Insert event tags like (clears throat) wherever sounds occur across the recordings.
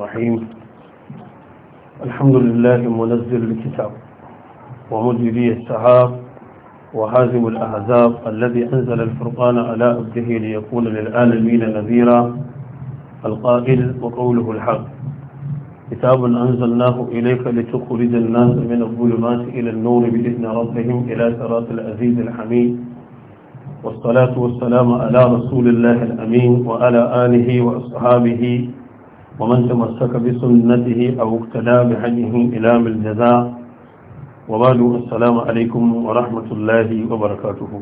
الرحيم الحمد لله منزل الكتاب ومجري السحاب وهازم الأحزاب الذي أنزل الفرقان على عبده ليكون للعالمين نذيرا القائل وقوله الحق كتاب أنزلناه إليك لتخرج الناس من الظلمات إلى النور بإذن ربهم إلى صراط العزيز الحميد والصلاة والسلام على رسول الله الأمين وعلى آله وأصحابه ومن تمسك بسنته أو اقتدى بهديه إلى الجزاء وبعد السلام عليكم ورحمة الله وبركاته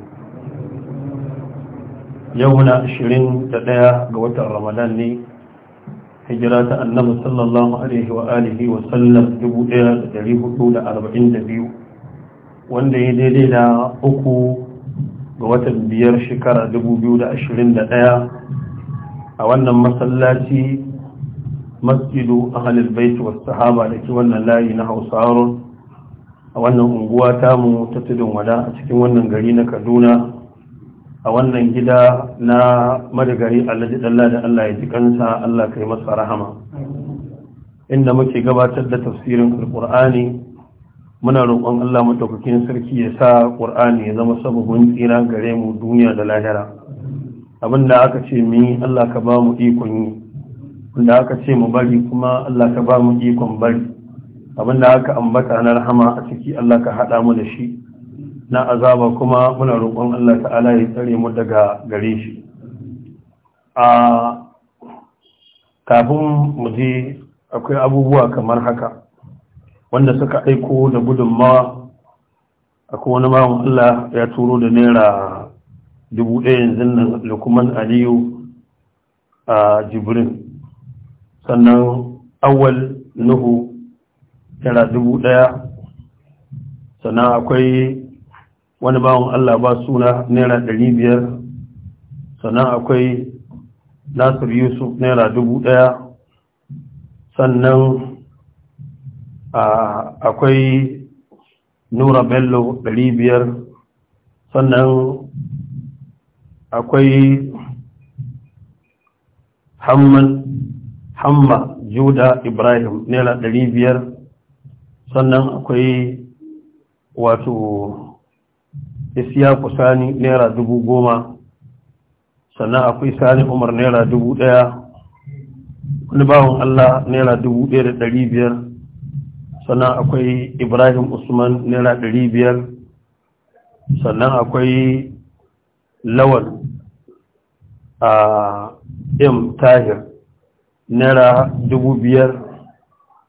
يومنا عشرين تدعى قوة رمضان لي هجرات النبي صلى الله عليه وآله وسلم جبوئة تدريه أولى أربعين دبيو wanda ya daidai da uku ga watan biyar shekara 2021 a wannan masallaci masjidu ahlul bait was sahaba da ke wannan layi na hausarun a wannan unguwa tamu ta tudun wada a cikin wannan gari na kaduna a wannan gida na madagari alhaji dalla da allah ya ji kansa allah kai masa rahama inda muke gabatar da tafsirin Alƙur'ani, muna roƙon Allah madaukakin sarki ya sa ƙur'ani ya zama sababin tsira gare mu duniya da lahira abinda aka ce mu Allah ka ba mu ikon yi da aka ce mu bari kuma Allah ka ba mu ikon bari abinda aka ambata na rahama a ciki Allah ka haɗa mu da shi na azaba kuma muna roƙon Allah ta'ala ya tsare mu daga gare shi a kafin mu je akwai abubuwa kamar haka wanda suka aiko da gudunmawa akwai wani mawan Allah ya turo da naira dubu ɗaya yanzu nan lukuman aliyu a jibrin sannan awal nuhu tara dubu ɗaya sannan akwai wani bawan Allah ba suna naira ɗari biyar sannan akwai nasir yusuf naira dubu ɗaya sannan akwai nura bello ɗari biyar sannan akwai hamman hamma juda ibrahim naira ɗari biyar sannan akwai wato isiya kusani naira dubu goma sannan akwai sani umar naira dubu ɗaya wani bawon allah naira dubu ɗaya da ɗari biyar sannan akwai ibrahim usman naira ɗari biyar sannan akwai lawan a ah, m tahir naira dubu biyar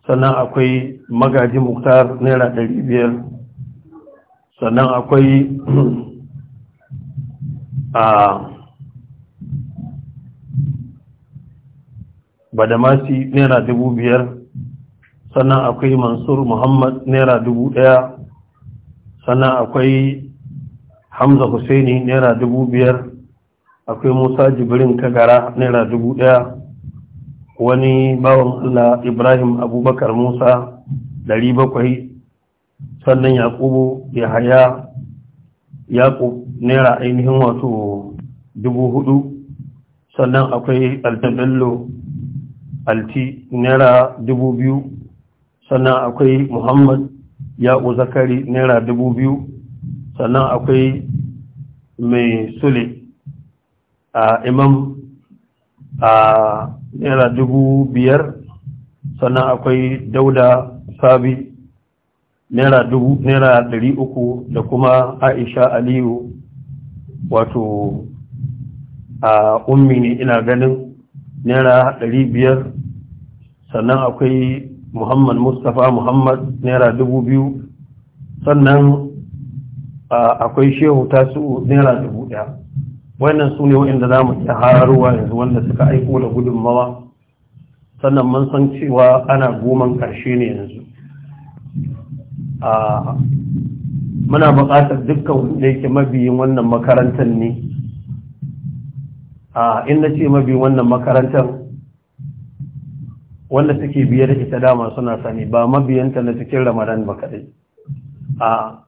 sannan akwai magaji muktar naira ɗari biyar sannan akwai (clears throat) a badamasi naira dubu biyar sannan akwai mansur muhammad naira dubu ɗaya sannan akwai hamza husaini naira dubu biyar akwai musa jibirin kagara naira dubu ɗaya wani bawan Allah Ibrahim Abubakar Musa dari bakwai sannan Yakubu ya haya Yakub naira ainihin wato dubu hudu sannan akwai Altabello Alti naira dubu biyu sannan akwai Muhammad Ya'u Zakari naira dubu biyu sannan akwai mai Sule a Imam a naira dubu biyar sannan akwai dauda sabi naira dubu naira dari uku da kuma aisha aliyu wato a ummi ne ina ganin naira dari biyar sannan akwai muhammad mustapha muhammad naira dubu biyu sannan akwai shehu tasu naira dubu daya wannan su ne wa'inda za mu iya hararuwa yanzu wanda suka aiko da gudunmawa sannan mun san cewa ana goman ƙarshe ne yanzu muna buƙatar dukkan da yake mabiyin wannan makarantar ne a inda ce mabiyin wannan makarantar wanda suke biye da ita dama suna sani ba mabiyanta na cikin ramadan ba kaɗai a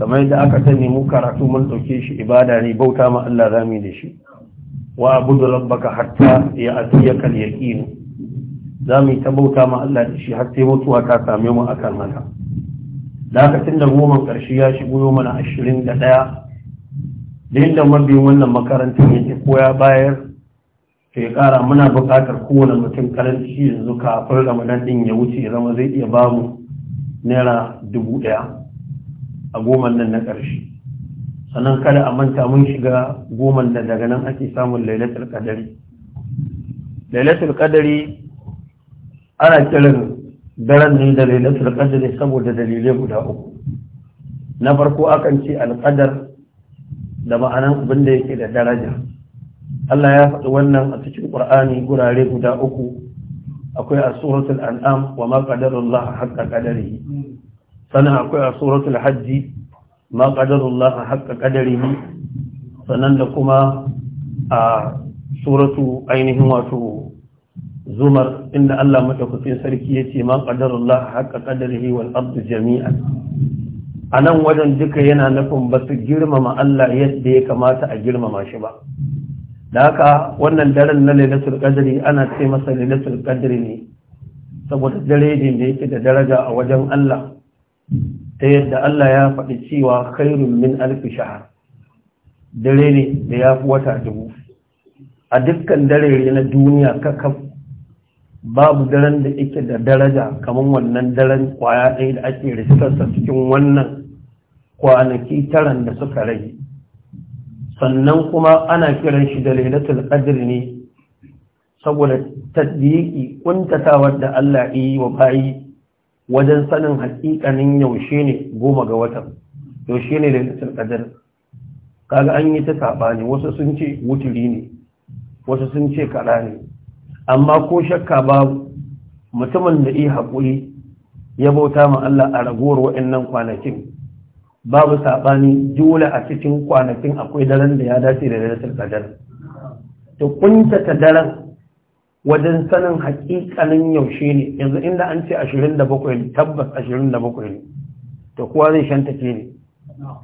kamar yadda aka sani mu karatu mun dauke shi ibada ne bauta ma Allah zami da shi wa abudu rabbaka hatta ya atiya kal yaqin zami ta bauta ma Allah da shi har sai mutuwa ta same mu akan haka aka da goma karshe ya shigo mana 21 da yadda mabiyin wannan makarantar yake koya bayar to kara muna buƙatar kowane mutum karanci yanzu kafin ramadan din ya wuce zama zai iya bamu naira dubu ɗaya a goman nan na ƙarshe sannan kada a manta mun shiga goman da daga nan ake samun lailatul qadari lailatul qadari ana kiran daren ne da lailatul ƙadari saboda dalilai guda uku na farko akan ce alƙadar da ma'anan abin da yake da daraja Allah ya faɗi wannan a cikin Qur'ani gurare guda uku akwai a suratul an'am wa ma Allah haqqa ƙadari. sannan akwai a suratul hajji ma qadarullah ƙadari ne, sannan da kuma a suratu ainihin wato zumar inda Allah madaukakin sarki ce ma qadarullah haqqa ƙadari wal ardu jami'an anan wajen duka yana nufin ba su girmama Allah yadda ya kamata a girmama shi ba da haka wannan daren na lailatul ƙadari ana ce masa lailatul ƙadari ne saboda dare ne da yake da daraja a wajen Allah ta yadda Allah ya faɗi cewa khairun min alfi shahar dare ne da ya fi wata dubu a dukkan dare na duniya kakaf babu daren da ike da daraja kamar wannan daren kwaya ɗaya da ake rikitarsa cikin wannan kwanaki taran da suka rage sannan kuma ana kiran shi da lailatul qadr ne saboda tadbiqi kuntatawar da Allah yi wa bayi wajen sanin haƙiƙanin yaushe ne goma ga watan yaushe ne da lailatul kadar kaga an yi ta ne wasu sun ce wuturi ne wasu sun ce kaɗa ne amma ko shakka babu mutumin da yi haƙuri ya bauta ma Allah a ragowar waɗannan kwanakin babu saɓani dole a cikin kwanakin akwai daren da ya dace da darajar kadar Ta kunta ta daren wajen sanin hakikalin yaushe ne yanzu inda an ce 27 ne tabbas 27 ne to kowa zai shanta ke ne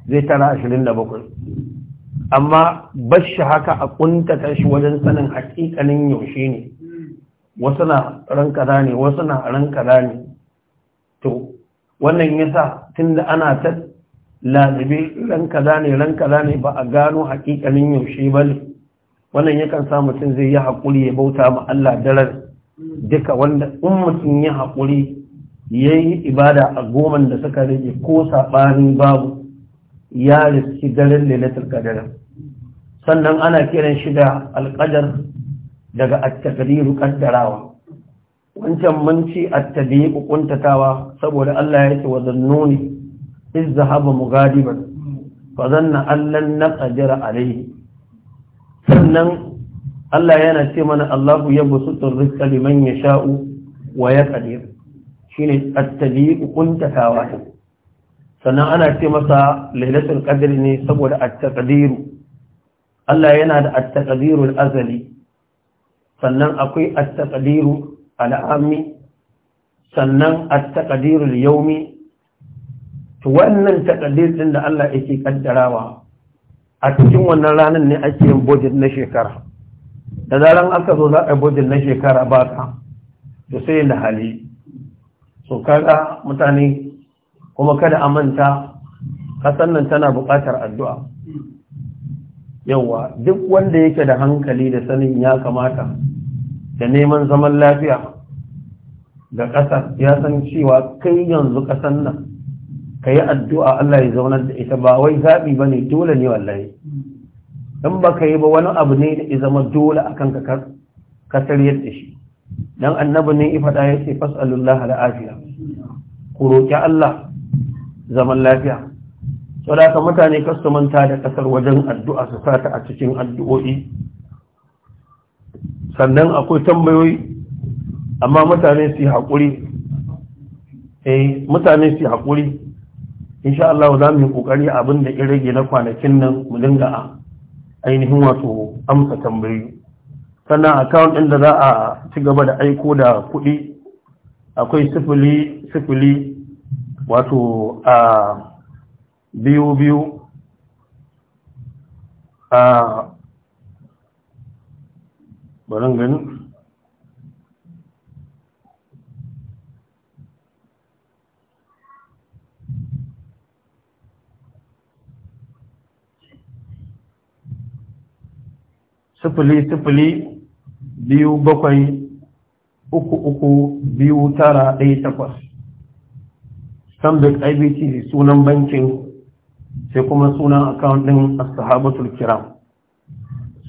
zai tara 27 amma bashi haka a kuntata shi wajen sanin hakikalin yaushe ne wasu na ran kaza ne wasu na ran kaza ne to wannan yasa tunda ana ta lazibi ran kaza ne ran kaza ne ba a gano hakikalin yaushe ba ne wannan yakan sa mutum zai yi haƙuri ya bauta ma Allah darar duka wanda in mutum ya haƙuri ya yi ibada a goman da suka rage ko saɓanin babu ya riski daren lalatar sannan ana kiran shi da alƙadar daga attakadiru kaddarawa wancan mun ci attabi kuntatawa saboda Allah ya ce wa zannuni iz zahaba mugadiban fa zanna allan naqdira alayhi sannan Allah yana ce mana Allahu ya busutun rizqa liman sha'u wa yaqdir shine at ukunta kuntatawa sannan ana ce masa lailatul qadr ne saboda at-taqdir Allah yana da at-taqdirul azali sannan akwai at-taqdiru sannan at yaumi yawmi to wannan taqdir din da Allah yake kaddarawa a cikin wannan ranar ne ake yin budget na shekara da zaran aka zo za a yi budget na shekara ba ka to sai da hali so kaga mutane kuma kada a manta kasan nan tana buƙatar addu'a yawa duk wanda yake da hankali da sanin ya kamata da neman zaman lafiya ga ƙasar ya san cewa kai yanzu ƙasar nan ka yi addu'a Allah ya zaunar da ita ba wai zaɓi ba ne dole ne wallahi don ba ka yi ba wani abu ne da zama dole a kan kasar yadda shi don annabi ne ifa ɗaya ce fas'alullah afiya, ku roƙi Allah zaman lafiya da ka mutane kasu da kasar wajen addu'a su sata a cikin addu'o'i sannan akwai tambayoyi amma mutane su yi eh, mutane su yi haƙuri insha Allah za mu yi kokari abin da rage na kwanakin nan mu dinga a ainihin wato amsa tambayi sannan account ɗin da za a ci gaba da aiko da kuɗi akwai sifili sifili wato a biyu biyu a barin ganin sifili sifili biyu bakwai uku uku biyu tara ɗaya takwas stanbic ibc sunan bankin sai kuma sunan akawun ɗin asahabatul kiram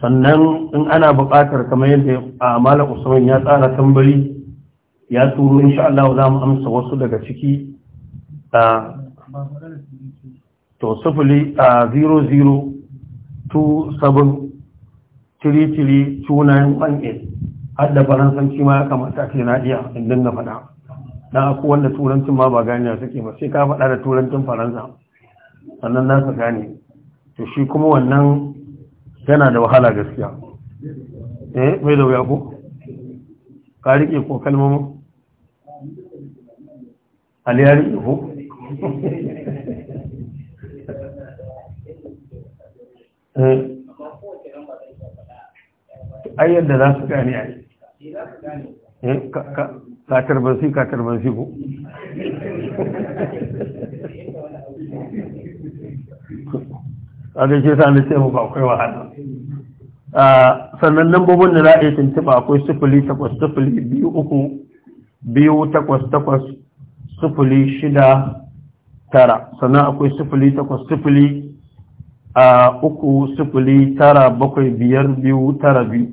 sannan in ana buƙatar kamar yadda a mala usman ya tsara tambari ya turo insha Allah za mu amsa wasu daga ciki a to sifili a 0027 tiri-tiri tunan ɓanɗe har faransanci ma ya kamata ce na iya in dinga faɗa na aku wanda turancin ma ba ganiya suke ba sai ka faɗa da turancin faransa sannan na su gane to shi kuma wannan yana da wahala gaskiya eh mai da wuya ko ka riƙe ko kalmomin aliyar ihu (laughs) eh ai yadda za su gane yi eh, katar ban si katar ban si ku. kaga ce sa na ce muku akwai wahala sannan lambobin da za a yi tuntuɓa akwai sufuli takwas sufuli biyu uku biyu takwas takwas sufuli shida tara sannan akwai sufuli takwas sufuli a uku sufuli tara bakwai biyar biyu tara biyu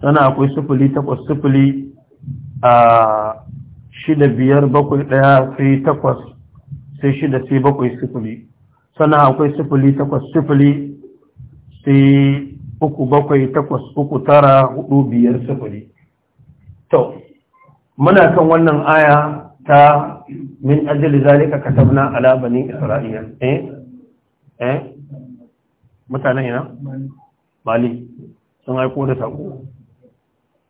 sana akwai sufuli takwas sufuli a shida biyar bakwai ɗaya sai takwas sai shida sai bakwai sufuli sana akwai sufuli takwas sufuli sai uku bakwai takwas uku tara hudu biyar sufuli to muna kan wannan aya ta min ajali zalika katabna ala bani Isra'il, eh eh mutanen ina mali sun aiko da sako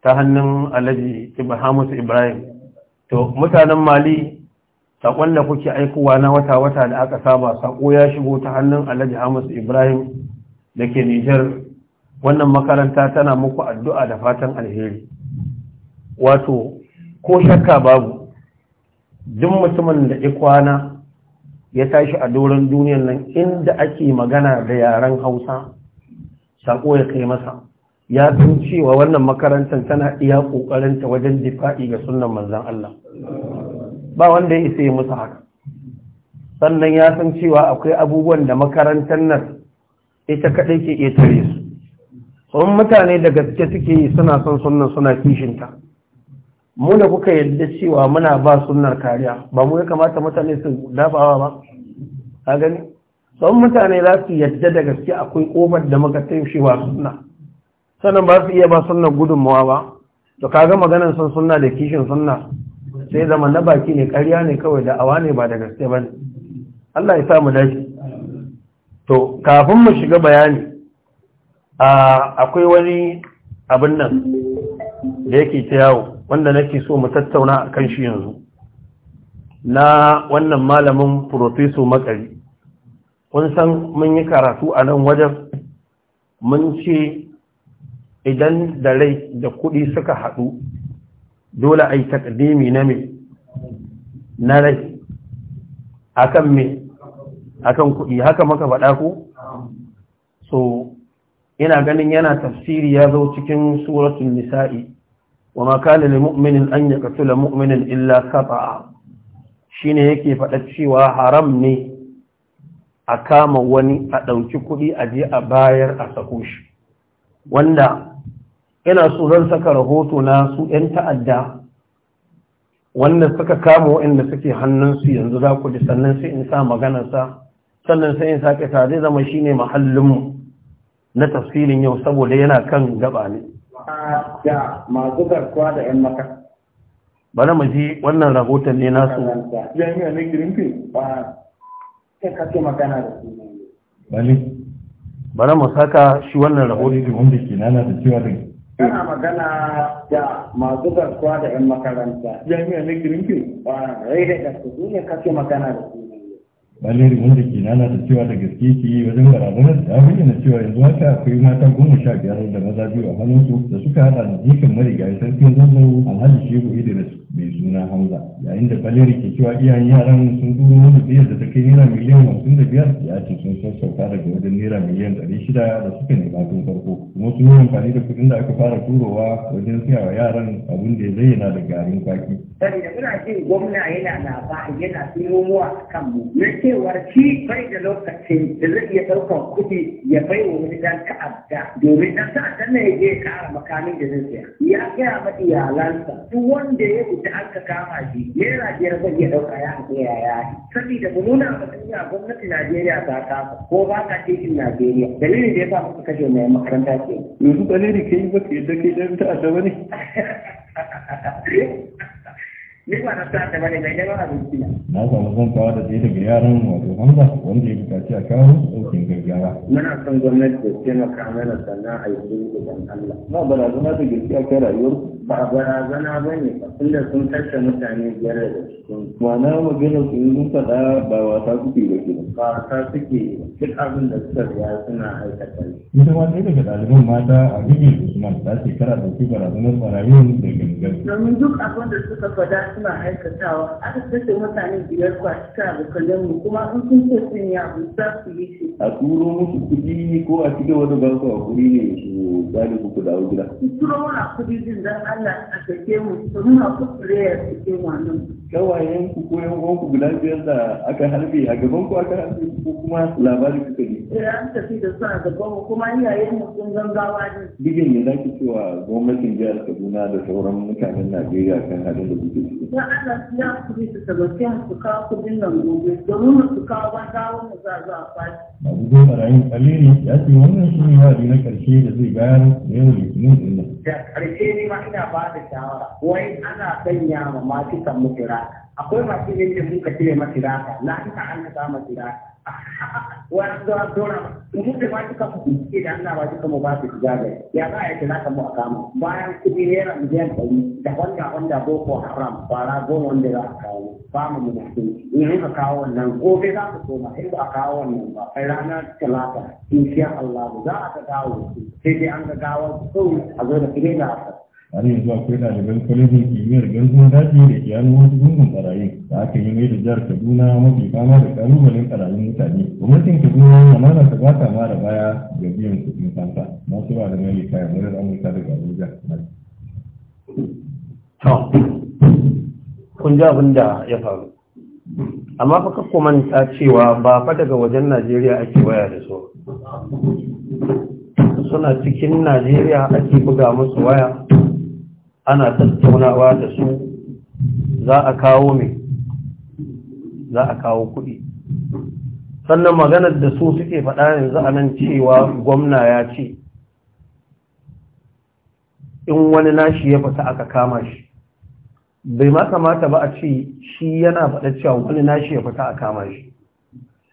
ta hannun alhaji Ibrahimus Ibrahim to mutanen Mali saƙon da kuke aikowa na wata-wata da aka saba saƙo ya shigo ta hannun alhaji Hamus Ibrahim da ke Nijar wannan makaranta tana muku addu'a da fatan alheri wato ko shakka babu duk mutumin da ikwana ya tashi a doron duniyan nan inda ake magana da yaren hausa saƙo ya kai masa ya san cewa wannan makarantar tana iya ta wajen difa'i ga sunan manzan Allah ba wanda ya isa yi musu haka sannan ya san cewa akwai abubuwan da makarantar nan ita kaɗai ke ƙetare su sun mutane da gaske suke yi suna son sunan suna kishinta mu da kuka yadda cewa muna ba sunar kariya ba mu ya kamata mutane su dafawa ba a gani sun mutane za su yadda da gaske akwai ƙomar da muka taimshewa suna sannan ba su iya ba sunnar gudunmawa ba to kaga maganan sun sunna da kishin sunna sai zama na baki ne ƙarya ne kawai da awa ne ba da gaske ba ne Allah ya sa mu dace to kafin mu shiga bayani akwai wani abin nan da yake ta yawo wanda nake so mu tattauna a kan shi yanzu na wannan malamin profeso makari kun san mun yi karatu a nan wajen mun ce idan da rai da kuɗi suka haɗu dole a yi takdimi na mai na rai akan mai akan kuɗi haka maka faɗa ku so ina ganin yana tafsiri ya zo cikin suratun nisa'i wa makali kana mu'minin an katula mu'minin illa shi shine yake faɗa cewa haram ne a kama wani a ɗauki kuɗi a je a bayar a sako shi wanda ina so zan saka rahoto na su 'yan ta'adda wanda suka kama waɗanda suke hannunsu yanzu za ku ji sannan sai in sa maganarsa sannan sai in sake sa zai zama shi ne mahallinmu na tafsirin yau saboda yana kan gaba ne da masu garkuwa da 'yan maka Bana mu ji wannan rahoton ne nasu jami'a ne girinfi ba sai kake magana da su Bana mu saka shi wannan rahoton da ke nana da cewa da Kana magana da masu garkuwa da 'yan makaranta. Jami'a na girinki? Ba, rai da gaske, ne kake magana da su. ɓangare wanda ke nana da cewa da gaske ke yi wajen barazanar da bayyana cewa yanzu haka akwai mata goma sha biyar da maza biyu a hannunsu da suka haɗa da jikin marigayi sarkin zanzan alhaji shehu idris mai suna hamza yayin da ɓangare ke cewa iyayen yaran sun turo wani biyar da ta kai naira miliyan hamsin da biyar ya ce sun sassauka daga wajen naira miliyan ɗari shida da suka nema tun farko kuma sun yi amfani da kuɗin da aka fara turowa wajen siya wa yaran abin da ya zayyana da garin kwaki. da muna jin gwamna yana labari yana a kan mu. cewar shi bai da lokacin da zai iya ɗaukar kuɗi ya bai wa wani dan ta'adda domin dan ta'adda ne ya je kara makamin da zai siya ya gaya ma iyalansa duk wanda ya fita aka kama shi yi rajiyar zai iya ɗauka ya haɗe ya yayi saboda mu nuna ma duniya gwamnati Najeriya ta ba ko ba ka titin Najeriya Dalili da ya sa muka kashe mai makaranta ke yanzu dalili ke yi ba ke da ke dan ta'adda ba ne (laughs) ni ba na ta bane mai neman abinci na. Na samu son kawo da tsaye daga yaran wato Hamza wanda ya buƙaci a kawo ɗaukin gaggawa. Muna son gwamnati da taimaka mana sannan a yi da ban Allah. Na barazana da gaskiya kai rayuwarku. ba barazana ba ne inda sun kashe mutane biyar da cikin mana maganar su sun faɗa ba wasa suke ba ke ba wasa suke duk abin da suka biya suna aikata ne ita ma ɗaya daga ɗaliban mata a rigin usman ta shekara da ke barazanar barayin da gangan domin duk abin da suka fada suna aikatawa aka kashe mutane biyar ba suka abokanen mu kuma in sun ce sun yi abu za su yi shi a turo musu kuɗi ko a cigaba da ba a hakuri ne su gane ku ku dawo gida. Turo wani kuɗi jin dan Allah a sake mu su nuna kuskure ya sake mu nan. Kawayen ku ko yan uwanku guda biyar da aka harbe a gaban ku aka harbe ko kuma labarin kuka ne. Eh an tafi da su a gaban mu kuma iyayen mu sun gangawa ne. Bigin ne za ki cewa gwamnatin jihar Kaduna da sauran mutanen Najeriya kan halin da kuke ciki. Don Allah su ya kuɗi su tabbaci su kawo kuɗin nan gobe domin su kawo ban dawo mu za a fashi. Abu Zai Barayin ya ce wannan shi ne wa'adi na ƙarshe da zai bayar da yau Litinin da ƙarshe ne ma ina ba da shawara wai ana sanya ma masu kan mutira akwai masu yin da muka cire masiraka la ita an ta masiraka wani zuwa zora mu da ma duka mu ke da Allah ba duka mu ba su shiga ya za a yi kira ka mu a kama bayan kuɗi naira miliyan ɗari da wanda wanda boko haram fara goma wanda za a kawo ba mu mu mutum in ka kawo wannan gobe za ku koma in ba a kawo wannan ba kai ranar talata in sha Allah za a ta dawo sai dai an ga gawar kawai a zo da kire da haka har yanzu akwai ɗaliban kwalifin kimiyyar garkun daji da ke hannu wasu gungun ɓarayin da aka yi mai da jihar kaduna mafi fama da ƙalubalen ɓarayin mutane gwamnatin kaduna ya mana ta ba ta mara baya ga biyan kuɗin fansa masu ba da mai kayan murar amurka daga abuja kun ji abin da ya faru amma fa ka manta cewa ba fa daga wajen najeriya ake waya da su suna cikin najeriya ake buga musu waya ana tattaunawa da su za a kawo mai za a kawo kuɗi sannan maganar da su suke faɗa yanzu a nan cewa gwamna ya ce in wani nashi ya fita aka kama shi bai ma kamata ba a ce shi yana faɗa cewa wani nashi ya fita a kama shi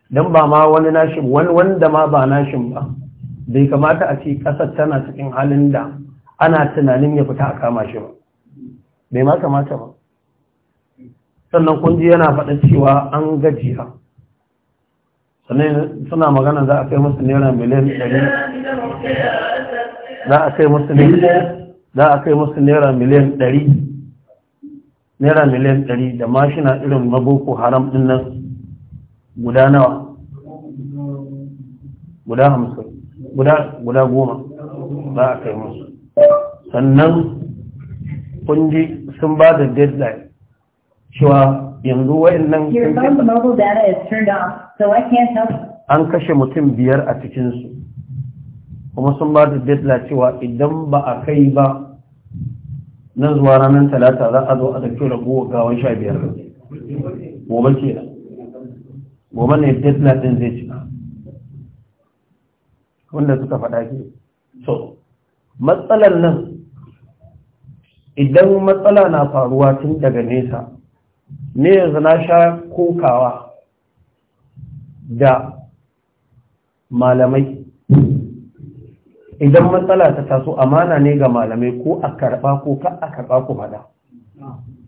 don ba ma wani nashi wanda ma ba nashin ba bai kamata a ce ƙasar tana cikin halin da ana tunanin ya fita a kama shi ba bai ma kamata ba sannan kunji yana faɗa cewa an gajiya sannan suna magana za a kai musu naira miliyan ɗari za a kai musu nera naira miliyan ɗari naira miliyan ɗari da mashina irin na haram ɗin nan guda nawa guda hamsin guda goma za a kai musu sannan kunji sun ba da deadline cewa yanzu wa'annan an kashe mutum biyar a cikinsu kuma sun ba da deadline cewa idan ba a kai ba na zuwa ranar talata za a zo a da raguwa gawan sha biyar gobe ke da gobe ne deadline din zai cika wanda suka faɗa ke so matsalar nan idan matsala na faruwa tun daga nesa ne yanzu na sha kokawa da malamai idan matsala ta taso amana ne ga malamai ko a karɓa ko ka a karɓa ku faɗa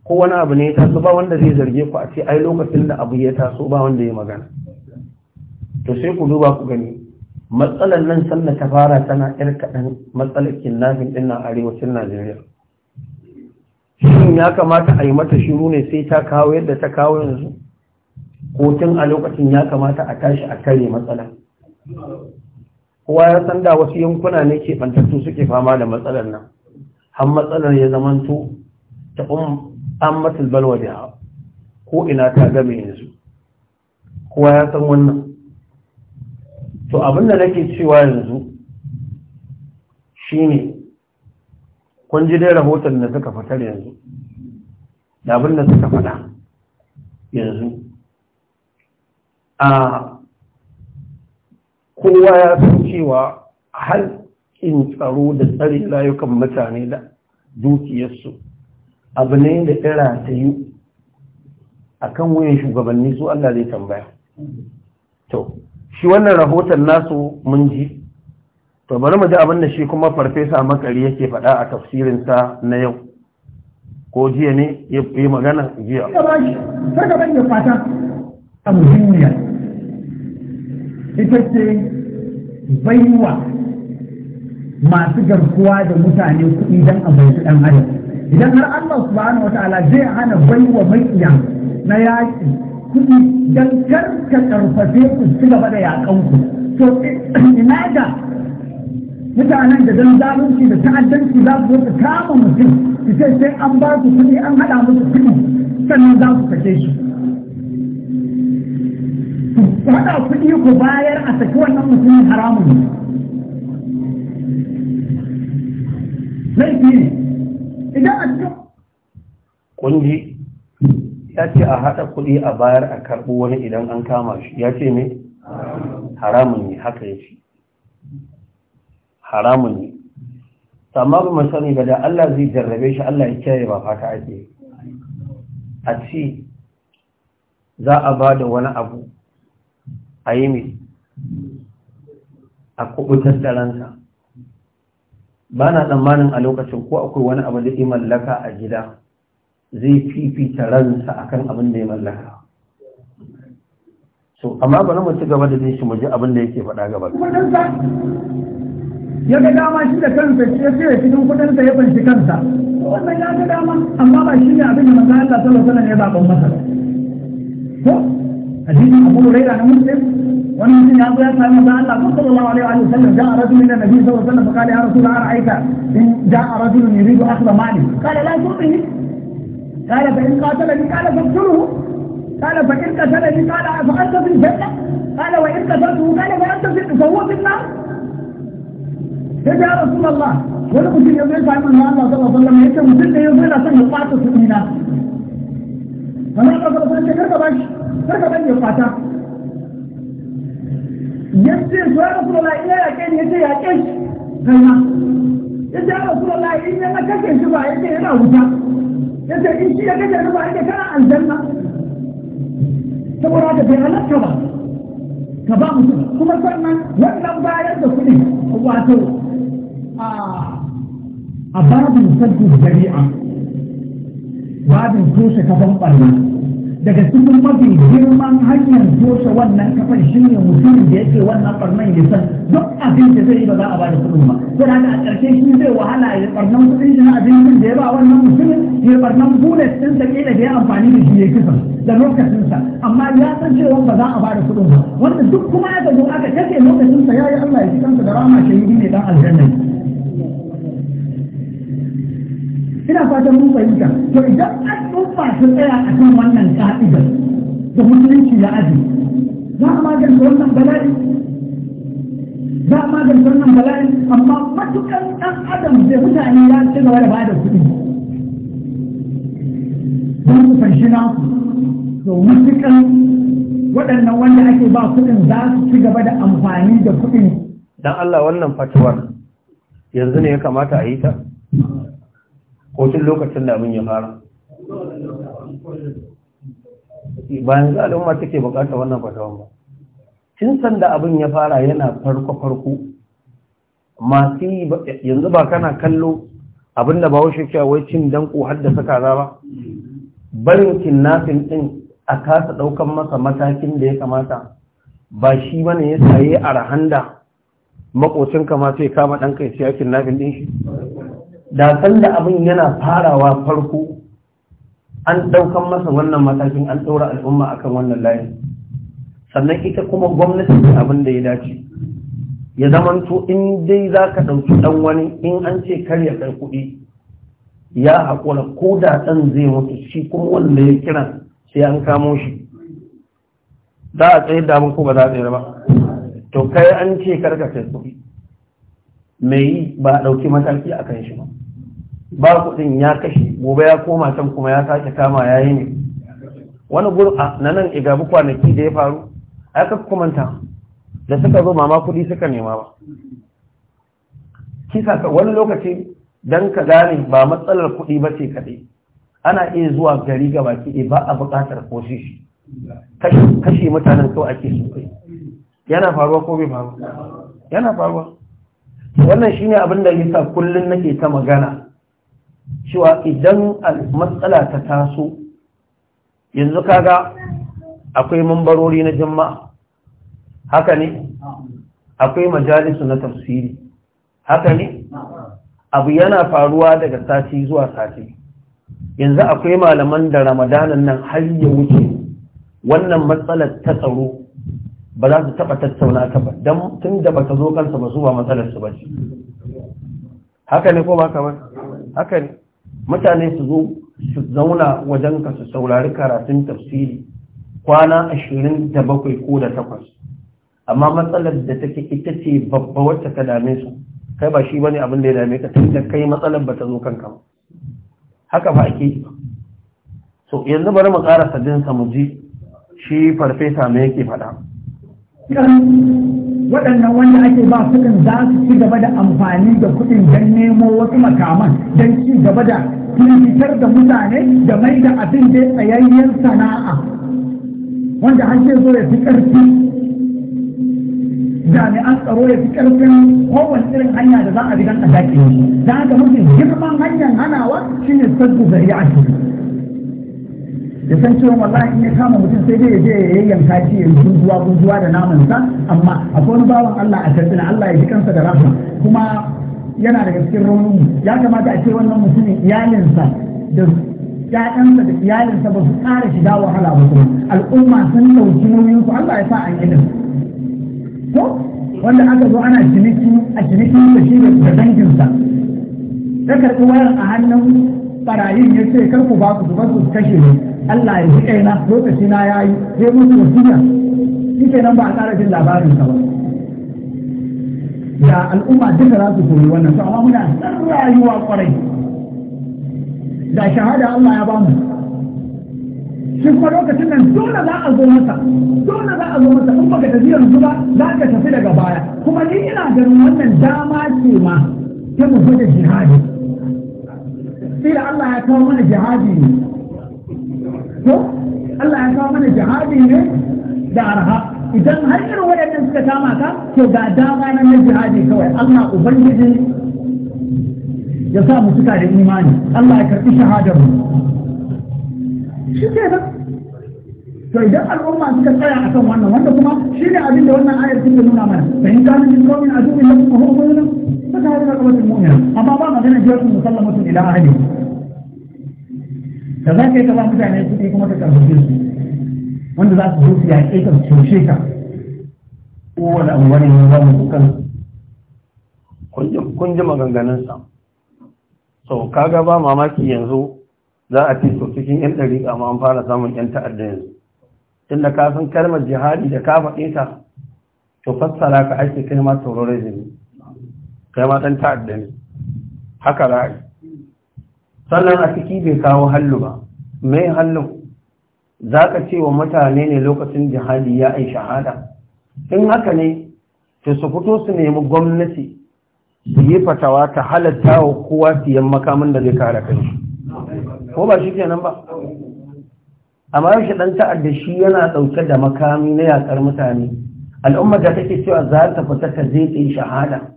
ko wani abu ne ya taso ba wanda zai zarge ku a ce ai lokacin da abu ya taso ba wanda ya magana to sai ku duba ku gani matsalar nan sannan ta fara tana yar kaɗan matsalar kinnafin ɗin na arewacin najeriya shin ya kamata a yi mata shiru ne sai ta kawo yadda ta kawo yanzu ko tun a lokacin ya kamata a tashi a kare matsala kowa ya san da wasu yankuna ne ke bantattu suke fama da matsalar nan har matsalar ya zamanto ta um an balwa da ko ina ta game yanzu kowa ya san wannan to abin da nake cewa yanzu shine kun ji dai rahoton da suka fitar yanzu da abin da suka faɗa yanzu a kowa ya san cewa in tsaro da tsare layukan mutane da dukiyarsu abu ne da ɗira ta yi a kan wuyan shugabanni su Allah zai tambaya to shi wannan rahoton nasu mun ji to bari mu ji abin da shi kuma farfesa makari yake faɗa a tafsirinsa na yau ko jiya ne ya yi magana jiya saka ban ya fata a ita ce baiwa masu garkuwa da mutane kuɗi don a bai ɗan adam idan har Allah subhanahu wa ta'ala zai hana baiwa maƙiya na yaƙi kuɗi don karka karfafe ku ci gaba da yaƙanku to ina da mutanen da don zalunci da ta'addanci za su zo kama mutum su ce sai an ba su kuɗi an haɗa musu kuɗi sannan za su kashe shi su haɗa kuɗi ku bayar a saki wannan mutumin haramun laifi ne idan a cikin kunji ya ce a haɗa kuɗi a bayar a karɓo wani idan an kama shi ya ce ne haramun ne haka ya ce haramun ne amma ba mu sani ba da Allah zai jarrabe shi Allah ya kiyaye ba fata ake a ci za a ba da wani abu a yi mai a kubutar da ransa ba na tsammanin a lokacin ko akwai wani abu da mallaka a gida zai fifita ransa a kan abin da ya mallaka so amma bari mu ci gaba da zai shi mu abin da yake faɗa gaba ya ga dama shi da kansa shi ya cire cikin kudin sa ya fanci kansa wannan ya ga dama amma ba shi ne abin da manzo Allah sallallahu alaihi wasallam ya zaɓa masa ko hadisi Abu Hurairah na Muslim wani mutum ya zo ya sami manzo Allah sallallahu alaihi wasallam ja'a rajulun ila nabi sallallahu alaihi wasallam fa qala ya rasulullah ara'aita in ja'a rajulun yuridu akhdha mali qala la tu'tihi قال فإن قاتلني قال فاقتله قال فإن قتلني قال فأنت في الجنة قال وإن قتلته قال فأنت في فهو في النار ya ga rasulullah wani mutum ya zai sami na Allah sallallahu alaihi wasallam ya ce mutum da ya zai na son ya kwata kuɗi na kamar Allah sallallahu alaihi wasallam ya ce karka bashi karka bashi ya kwata ya ce ya rasulullah ina yaƙe ni ya ce yaƙe shi kaina ya ce ya rasulullah in yana kashe shi ba ya ce yana wuta ya ce in shi ya kashe shi ba ya ce kana aljanna saboda haka bai halatta ba ka ba mutum kuma sannan wannan bayar da kuɗi wato a babin sabbin jari'a, babin toshe kafan ɓarna daga cikin mafi girman hanyar toshe wannan kafan shi ne mutumin da yake wannan ɓarnan ya san duk abin da zai yi ba za a ba da kuɗin ba sai haka a ƙarshe shi zai wahala ya ɓarnan kuɗin shi na abincin da ya ba wannan mutumin ya ɓarnan bulet ɗin da da ya amfani da shi ya kisa da lokacinsa amma ya san cewa ba za a ba da kuɗin ba wanda duk kuma aka zo aka kashe lokacinsa ya yi Allah ya ji kansa da rama shi ne dan aljanna ina fatan mun fahimta to idan an tsufa su tsaya a kan wannan ka'idar da musulunci ya aji za a magance wannan bala'i za a magance wannan bala'i amma matukan ɗan adam da mutane ya ci gaba da ba da kuɗi don ku fanshi na to matukan waɗannan wanda ake ba kuɗin za su ci gaba da amfani da kuɗin dan Allah wannan fatuwar yanzu ne ya kamata a yi ta ko tun lokacin da abin ya fara bayan za al'umma take bukata wannan fatawa ba tun sanda abin ya fara yana farko-farko masu yanzu ba kana kallo abin da ba washe kyawai cin danko haddasa kaza ba barin kinnafin din a kasa daukan masa matakin da ya kamata ba shi bane ya saye a rahanda ka ma sai kama ɗanka ya siya kinnafin ɗin shi da sanda abin yana farawa farko an ɗaukan masa wannan matakin an ɗaura al'umma akan wannan layin sannan ita kuma gwamnati ne abin da ya dace ya zamanto in dai za ka ɗauki ɗan wani in an ce kar ɗan kai kuɗi ya haƙura ko da ɗan zai mutu shi kuma wanda ya kira sai an kamo shi za a tsaye da ko ba za a tsaye ba to kai an ce karka kai kuɗi mai yi ba a ɗauki mataki a kan shi ba ba kuɗin ya kashe gobe ya koma can kuma ya sake kama ya yi ne wani gurin na nan igabi kwanaki da ya faru aka kumanta da suka zo mama kuɗi suka nema ba kisa ka wani lokaci don ka gane ba matsalar kuɗi ba ce kaɗai ana iya zuwa gari ga baki ba a buƙatar kosishi kashe mutanen kawai ake su kai yana faruwa ko bai faruwa yana faruwa wannan shine abin da yasa kullun nake ta magana cewa idan matsala ta taso yanzu kaga akwai mambarori na jama'a haka ne akwai majalisu na tafsiri haka ne abu yana faruwa daga sati zuwa sati yanzu akwai malaman da ramadanan nan har ya wuce wannan matsalar ta tsaro ba za su taba tattauna ta ba don tun da ba ta zo kansa ba su ba matsalar su ba haka ne ko ba kamar? hakan mutane su zo su zauna wajen ka su saurari karatun tafsiri kwana ashirin da bakwai ko da takwas amma matsalar da take ita ce babba wacce ta dame su kai ba shi ba ne abin da ya dame ka tun da kai matsalar ba ta zo kanka ba haka ba ake so yanzu bari mu ƙara sadinsa mu ji shi farfesa me yake faɗa waɗannan wanda ake ba sukan za su ci gaba da amfani da kuɗin don nemo wasu makaman don ci gaba da fitar da mutane da mai da abin da tsayayyen sana'a wanda hanke zo ya fi ƙarfi jami'an tsaro ya fi ƙarfin kowane irin hanya da za a bi don a daƙe za da ga mafi girman hanyar hanawa shine sabbu a shi ya san cewa wallahi in ya kama mutum sai dai ya je ya yanka shi ya guguwa da naman sa amma akwai wani bawan Allah a tattalin Allah ya ji kansa da rahma kuma yana daga cikin raunin ya kamata a ce wannan mutumin iyalinsa da ‘ya'yansa da iyalinsa ba su ƙara shiga wahala ba kuma al'umma sun ɗauki nauyin su Allah ya sa an ilim ko wanda aka zo ana ciniki a ciniki da shi da danginsa ya karɓi wayar a hannun barayin ya ce kar ku ba ku zubar su kashe ne Allah ya ji kaina lokaci na yayi sai musu wasiya kike nan ba a ƙara jin labarin ka ba da al'umma duka za su koyi wannan to amma muna san rayuwa kwarai da shahada Allah ya bamu shi kuma lokacin nan dole za a zo masa dole za a zo masa in baka tafi yanzu ba za ka tafi daga baya kuma ni ina ganin wannan dama ce ma ta mu gwada jihadi sai da Allah ya kawo mana jihadi ne to Allah ya kawo mana jihadi ne da arha idan har irin waɗannan suka kama ka to ga dama na jihadi kawai Allah ubangiji ya sa mu suka da imani Allah ya karɓi shahadar mu shi ke nan to idan al'umma suka tsaya a kan wannan wanda kuma shi ne abin da wannan ayar suke nuna mana fa in kana min a aduwwin lakum kuma huwa mu'minun fa kana min qawmin mu'mina amma ba magana jiyatu idan ila ahli da za ka yi kaba mutane kuɗi kuma ta karfafe su wanda za su zo su yaƙe ka coshe ka kowane abu wani ne za mu dukkan kun ji maganganunsa so kaga ba mamaki yanzu za a ce to cikin 'yan ɗari amma an fara samun 'yan ta'adda yanzu tun da kafin kalmar jihadi da ka faɗe to fassara ka aiki kalmar ma terrorism kai ma ta'adda ne haka ra'ayi sannan a ciki bai kawo hallu ba mai hallu za ka ce wa mutane ne lokacin jihadi ya ai shahada in haka ne to su fito su nemi gwamnati su yi fatawa ta halatta wa kowa siyan makamin da zai kare kai ko ba shi kenan ba amma shi ɗan ta'adda shi yana ɗauke da makami na yaƙar mutane al'umma da take cewa za ta fita ta zai tsaye shahada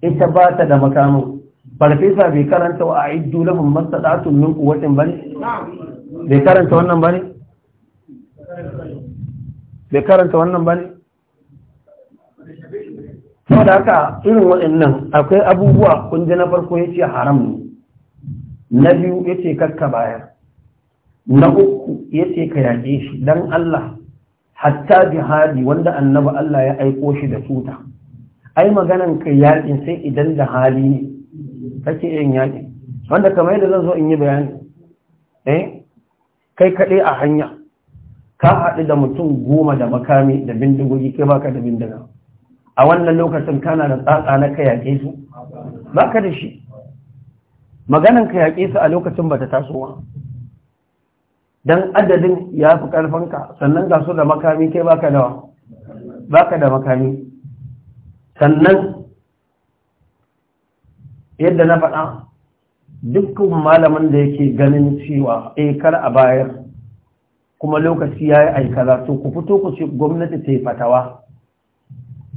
ita ba ta da makamin farfesa bai karanta wa a iddu lahum mastata'atun min quwwatin ne? bai karanta wannan bane bai karanta wannan bane da haka irin waɗannan akwai abubuwa kun ji na farko yace haram ne na biyu yace kakka bayar na uku ya ce ka yaƙe shi don Allah hatta jihadi wanda annaba Allah ya aiko shi da tuta ai maganan ka yaƙin sai idan da hali ne kake yin yaƙin wanda kamar yadda zan zo in yi bayani eh kai kaɗai a hanya ka haɗu da mutum goma da makami da bindigogi kai baka da bindiga a wannan lokacin kana da tsatsa na ka yaƙe su baka da shi maganan ka yaƙe su a lokacin bata tasowa dan adadin ya fi ƙarfinka sannan ga su da makami kai baka da baka da makami sannan yadda na faɗa dukkan malamin da yake ganin cewa eh, kar a bayar kuma lokaci ya yi aikara to ku fito ku ce gwamnati ta yi fatawa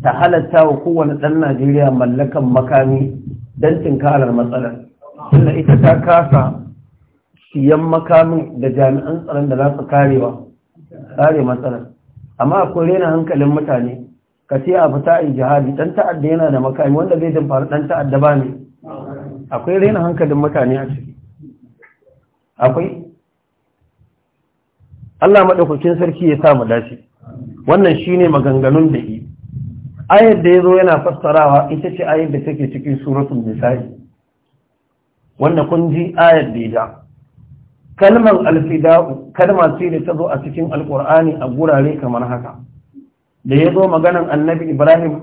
ta halatta wa kowane ɗan najeriya mallakan makami don tinkarar matsalar tunda ita ta kasa siyan makamin da jami'an tsaron da za su karewa kare matsalar amma akwai rena hankalin mutane ka ce a fita a jihadi dan ta'adda yana da makami wanda zai damfara dan ta'adda ba ne akwai rena hankalin mutane a ciki akwai Allah madaukakin sarki ya sa mu dace wannan shine maganganun da yi ayar da yazo yana fassarawa ita ce ayar da take cikin suratul nisa wanda kun ji ayar da ya kalmar alfida'u kalma ce da ta zo a cikin alkur'ani a gurare kamar haka da ya zo maganan annabi ibrahim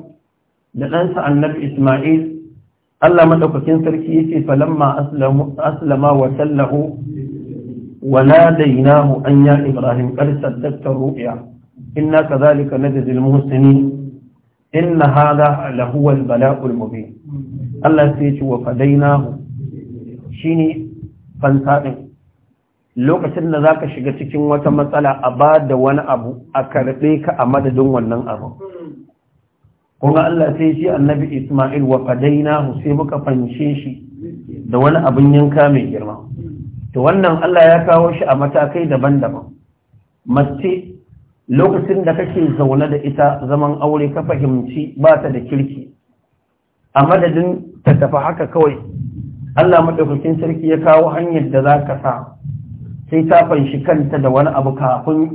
da ɗansa annabi isma'il allah maɗaukakin sarki ya ce falamma aslama wa sallahu wa nadainahu an ya ibrahim qad saddaqta ruiya inna kadhalika na da muhsinin inna hadha la huwa balau al-mubin allah sai ya ce wa fadainahu shine fansa lokacin da za ka shiga cikin wata matsala a ba da wani abu a karɓe ka a madadin wannan abu kuma Allah sai shi annabi Ismail wa fadaina sai muka fanshe shi da wani abin yanka mai girma to wannan Allah ya kawo shi a matakai daban-daban mace lokacin da kake zaune da ita zaman aure ka fahimci ba ta da kirki a madadin ta tafi haka kawai Allah madaukakin sarki ya kawo hanyar da za ka sa sai ta fanshi kanta da wani abu kafin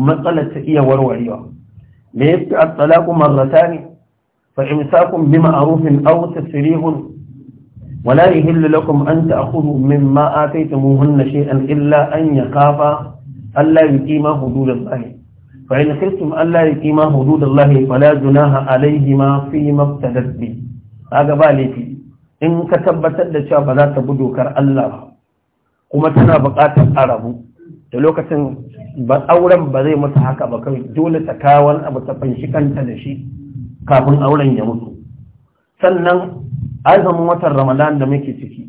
matsalar ta iya warwarewa me yafi at-talaqu marratan fa imsakun bi ma'rufin aw tasrihun wa la yahillu lakum an ta'khudhu mimma ataytumuhunna shay'an illa an yakafa alla yuqima hudud Allah fa in khiftum alla yuqima hudud Allah fala junaha alayhima fi ma ftadat bi kaga ba laifi in ka tabbatar da cewa ba za ta bi dokar Allah ba kuma tana buƙatar a rabu da lokacin auren ba zai mata haka ba kai dole ta kawo abu ta fanshi kanta da shi kafin auren ya mutu sannan azumin watan ramadan da muke ciki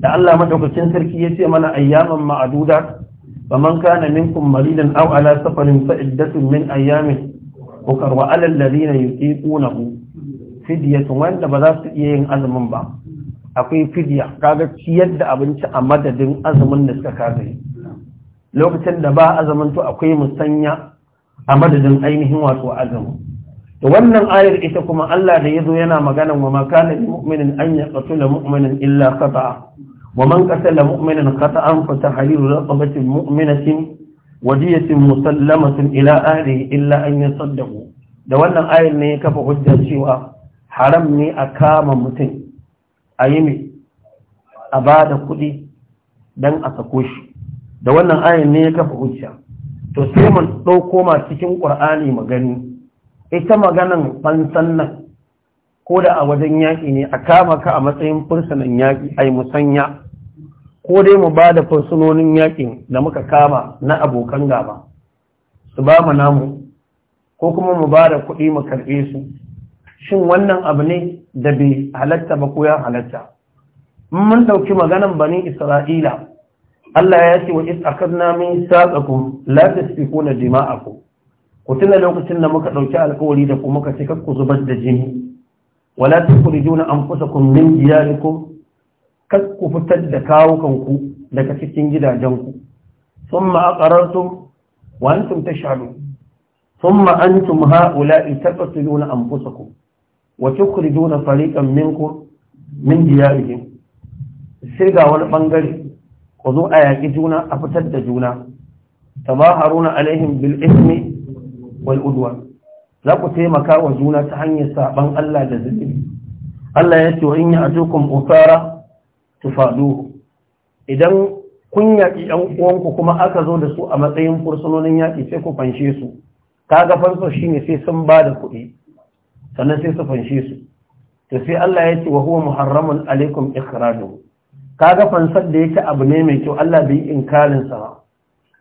da Allah madaukakin sarki ya ce mana ayyaman ma'aduda faman kana minkum maridan aw ala safarin fa iddatun min ayyamin ukar wa alal ladina yutiqunahu fidyatun wanda ba za su iya yin azumin ba akwai fidya kaga ciyar da abinci a madadin azumin da suka kaga yi lokacin da ba azumin to akwai musanya a madadin ainihin wato azumin to wannan ayar ita kuma Allah da yazo yana magana wa ma kana lil mu'minin an yaqtula mu'minan illa khata'a wa man qatala mu'minan khata'an fa tahriru raqabatin mu'minatin wadiyatin musallamatin ila ahlihi illa an yasaddaqu da wannan ayar ne kafa hujja cewa haram ne a kama mutum a yi mai a ba da kuɗi don a sako shi da wannan ayin ne ya kafa hujja to sai mun ɗauko ma cikin ƙur'ani magani ita maganan fansan nan ko da a wajen yaƙi ne a kama ka a matsayin fursunan yaƙi a yi musanya ko dai mu ba da fursunonin yaƙin da muka kama na abokan gaba su ba mu namu ko kuma mu ba da kuɗi mu karɓe su shin wannan abu ne da bai halatta ba ko ya halatta mun dauki maganan bani isra'ila Allah ya ce wa is akadna min saqakum la tasfikuna dima'akum ku tuna lokacin da muka dauki alƙawari da kuma ka ce kar ku zubar da jini wala tukhrijuna anfusakum min diyarikum kar ku fitar da kawukanku daga cikin gidajenku thumma aqarartum wa antum tashhadun ثم أنتم هؤلاء تقتلون أنفسكم wa tukhrijuna fariqan minkum min diyarihim sai ga wani bangare ku zo a yaƙi juna a fitar da juna tabaharuna alaihim bil ismi wal udwan za ku taimaka wa juna ta hanyar saban Allah da zunubi Allah ya ce wa in ya'tukum usara tufaduhu idan kun yaƙi ‘yan uwanku kuma aka zo da su a matsayin fursunonin yaƙi sai ku fanshe su, kaga fanso shi ne sai sun ba da kuɗi, sannan sai su fanshe su to sai Allah ya ce wa huwa muharramun alaikum ikhrajuhu kaga fansar da yake abu ne mai kyau Allah bai inkarin sa ba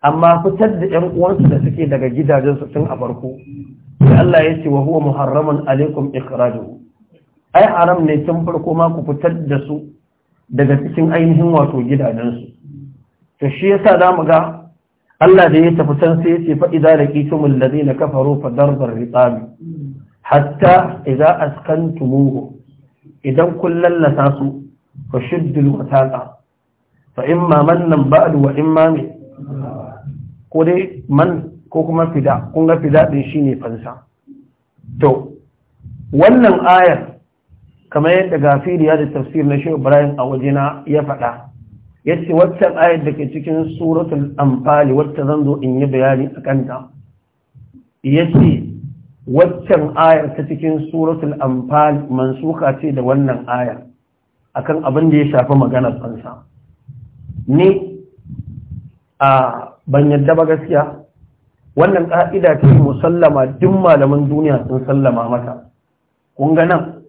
amma fitar da ƴan uwansu da suke daga gidajen su tun a farko sai Allah ya ce wa huwa muharramun alaikum ikhrajuhu ai haram ne tun farko ma ku fitar da su daga cikin ainihin wato gidajen su to shi yasa zamu ga Allah da ya tafi can sai ya ce fa idza laqitumul ladina kafaru fa darbar riqab hatta idza askantumuhu idan kun lallasa su fa shuddul wasaqa fa imma mannan ba'du wa imma mi ko dai man ko kuma fida kun ga fida din shine fansa to wannan ayar kamar yadda ya da tafsir na Shehu Ibrahim a wajena ya faɗa yace waccan ayar da ke cikin suratul anfal wacce zan zo in yi bayani a kanta yace waccan ayar ta cikin suratul anfal mansuka ce da wannan aya akan abin da ya shafi maganar kansa Ni, a ban yadda ba gaskiya wannan ka'ida ce musallama duk malaman duniya sun sallama mata kun ga nan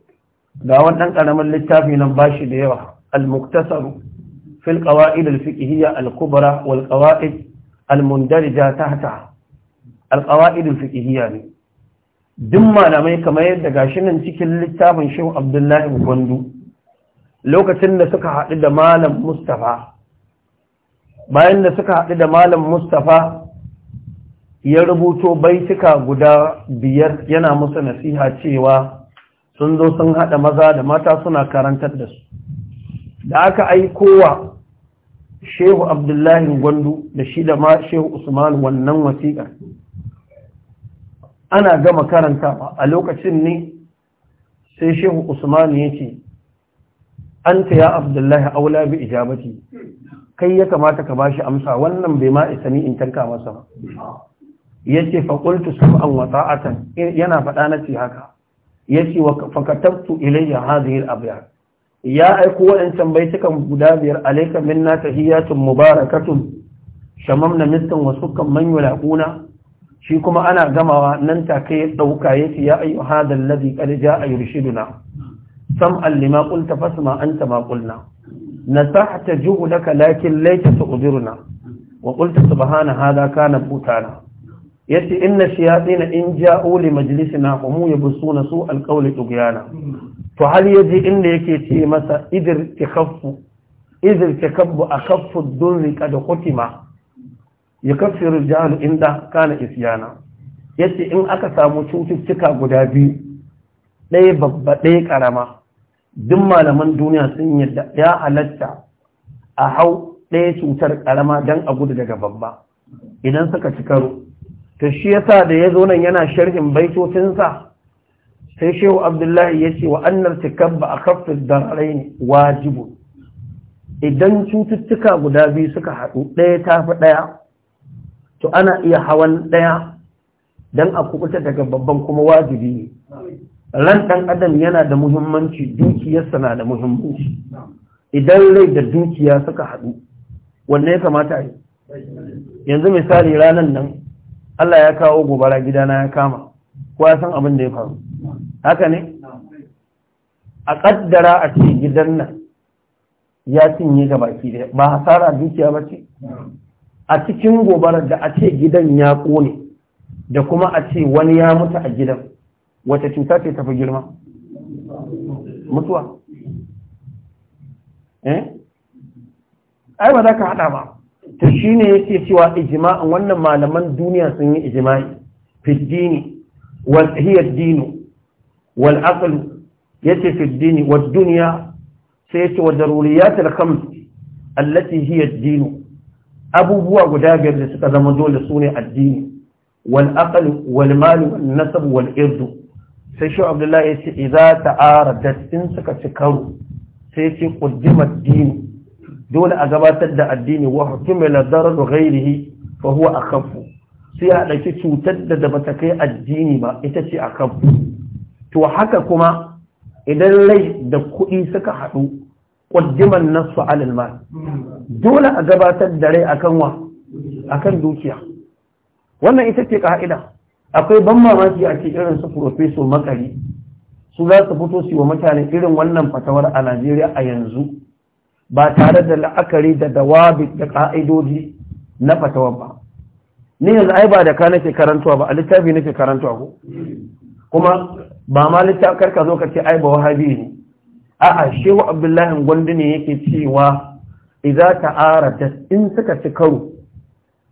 ga wannan karamin littafi nan bashi da yawa al-muktasar fil qawaid al-fiqhiyya al-kubra wal qawaid al-mundarija tahtaha al-qawaid al-fiqhiyya ne duk malamai kamar yadda gashi nan cikin littafin shehu abdullahi gwandu lokacin da suka haɗu da malam mustapha bayan da suka haɗu da malam mustapha ya rubuto baituka guda biyar yana musu nasiha cewa sun zo sun haɗa maza da mata suna karantar da su da aka aiko wa shehu abdullahi gwandu da shi da ma shehu usman wannan wasiƙar ana gama karantawa a lokacin ne sai shehu usman ya ce anta ya abdullahi aula bi ijabati kai ya kamata ka bashi amsa wannan bai ma isa ni in tanka masa ba yace fa qultu an wa ta'atan yana faɗa ce haka yace wa fakatabtu ilayya hadhihi al ya aiko waɗancan baitukan guda biyar alayka minna tahiyatun mubarakatun shamamna miskan wasu, kan manyu yulaquna shi kuma ana gamawa nan take ya dauka yace ya ayu hadal ladhi qad jaa yurshiduna sam'an lima qulta fasma anta ma qulna nasahtajuhu laka lakin laita tu'diruna wa qulta subhana hadha kana butana yace inna shayatin in ja'u li majlisina hum yabsuna su alqawli tugyana to hal yaji inda yake ce masa idir tikaffu idir takabbu akaffu durri qad qutima ya al rijalu inda kana isyana yace in aka samu cututtuka guda biyu ɗaya babba ɗaya karama duk malaman duniya sun yadda ya halatta a hau ɗaya cutar karama dan a gudu daga babba idan suka ci karo to shi yasa da ya zo nan yana sharhin baitocinsa sai shehu abdullahi ya ce wa annar a kafin dararai ne wajibu idan cututtuka guda biyu suka haɗu ɗaya ta fi ɗaya to ana iya hawan ɗaya dan a kubuta daga babban kuma wajibi ne ran dan adam yana da muhimmanci dukiyarsa na da muhimmanci idan rai da dukiya suka haɗu wanne ya kamata a yi yanzu misali ranar nan Allah ya kawo gobara gidana ya kama kowa san abin da ya faru haka ne a ƙaddara a ce gidan nan ya cinye ga baki da ba hasara dukiya ba ce a cikin gobarar da a ce gidan ya ƙone da kuma a ce wani ya mutu a gidan wata cuta ce tafi girma mutuwa eh ai ba za ka haɗa ba ta shi ne yake cewa ijima'in wannan malaman duniya sun yi ijima'i fiddini wal dino wal ya ce fiddini Wa duniya sai ce wa daruriyatul khams allati hiya dinu abubuwa guda biyar da suka zama dole su ne addini wal aqal nasab wal'irdu sai shi abdullahi ya ce idza ta'aradat in suka ci karo sai ce dini dole a gabatar da addini wa hukumila darar ghairihi fa huwa akhafu sai a dauki cutar da da bata kai addini ba ita ce a akhafu to haka kuma idan lai da kuɗi suka haɗu ƙuddiman nasu alilmal dole a gabatar da rai akan wa akan dukiya wannan ita ce ka'ida akwai ban mamaki a ce irin su profeso makari su za su fito su wa mutane irin wannan fatawar a najeriya a yanzu ba tare da la'akari da dawabi da ka'idoji na fatawar ba ni yanzu ai ba da ka nake karantuwa ba a littafi nake karantuwa ko kuma ba ma littafi karka zo ka ce ai ba wahabi ne a'a shehu abdullahi gwandu ne yake cewa idza ta'arata in suka ci karo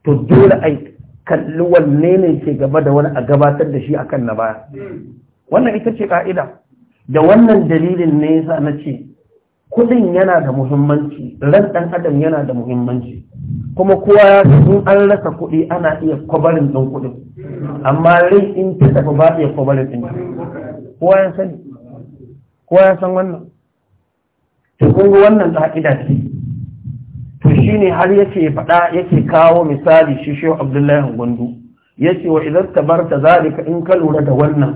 to dole ai kalli wanne ne ke gaba da wani a gabatar da shi akan na baya wannan ita ce ka'ida da wannan dalilin ne yasa na ce kudin yana da muhimmanci ran dan adam yana da muhimmanci kuma kowa ya in an rasa kuɗi ana iya kwabarin ɗin kuɗin amma rai in ta tafi ba iya kwabarin ɗin kowa ya sani kowa ya san wannan to ga wannan ka'ida ce to shine har yake faɗa yake kawo misali shi shehu abdullahi gundu yace wa idan tabarta zalika in ka lura da wannan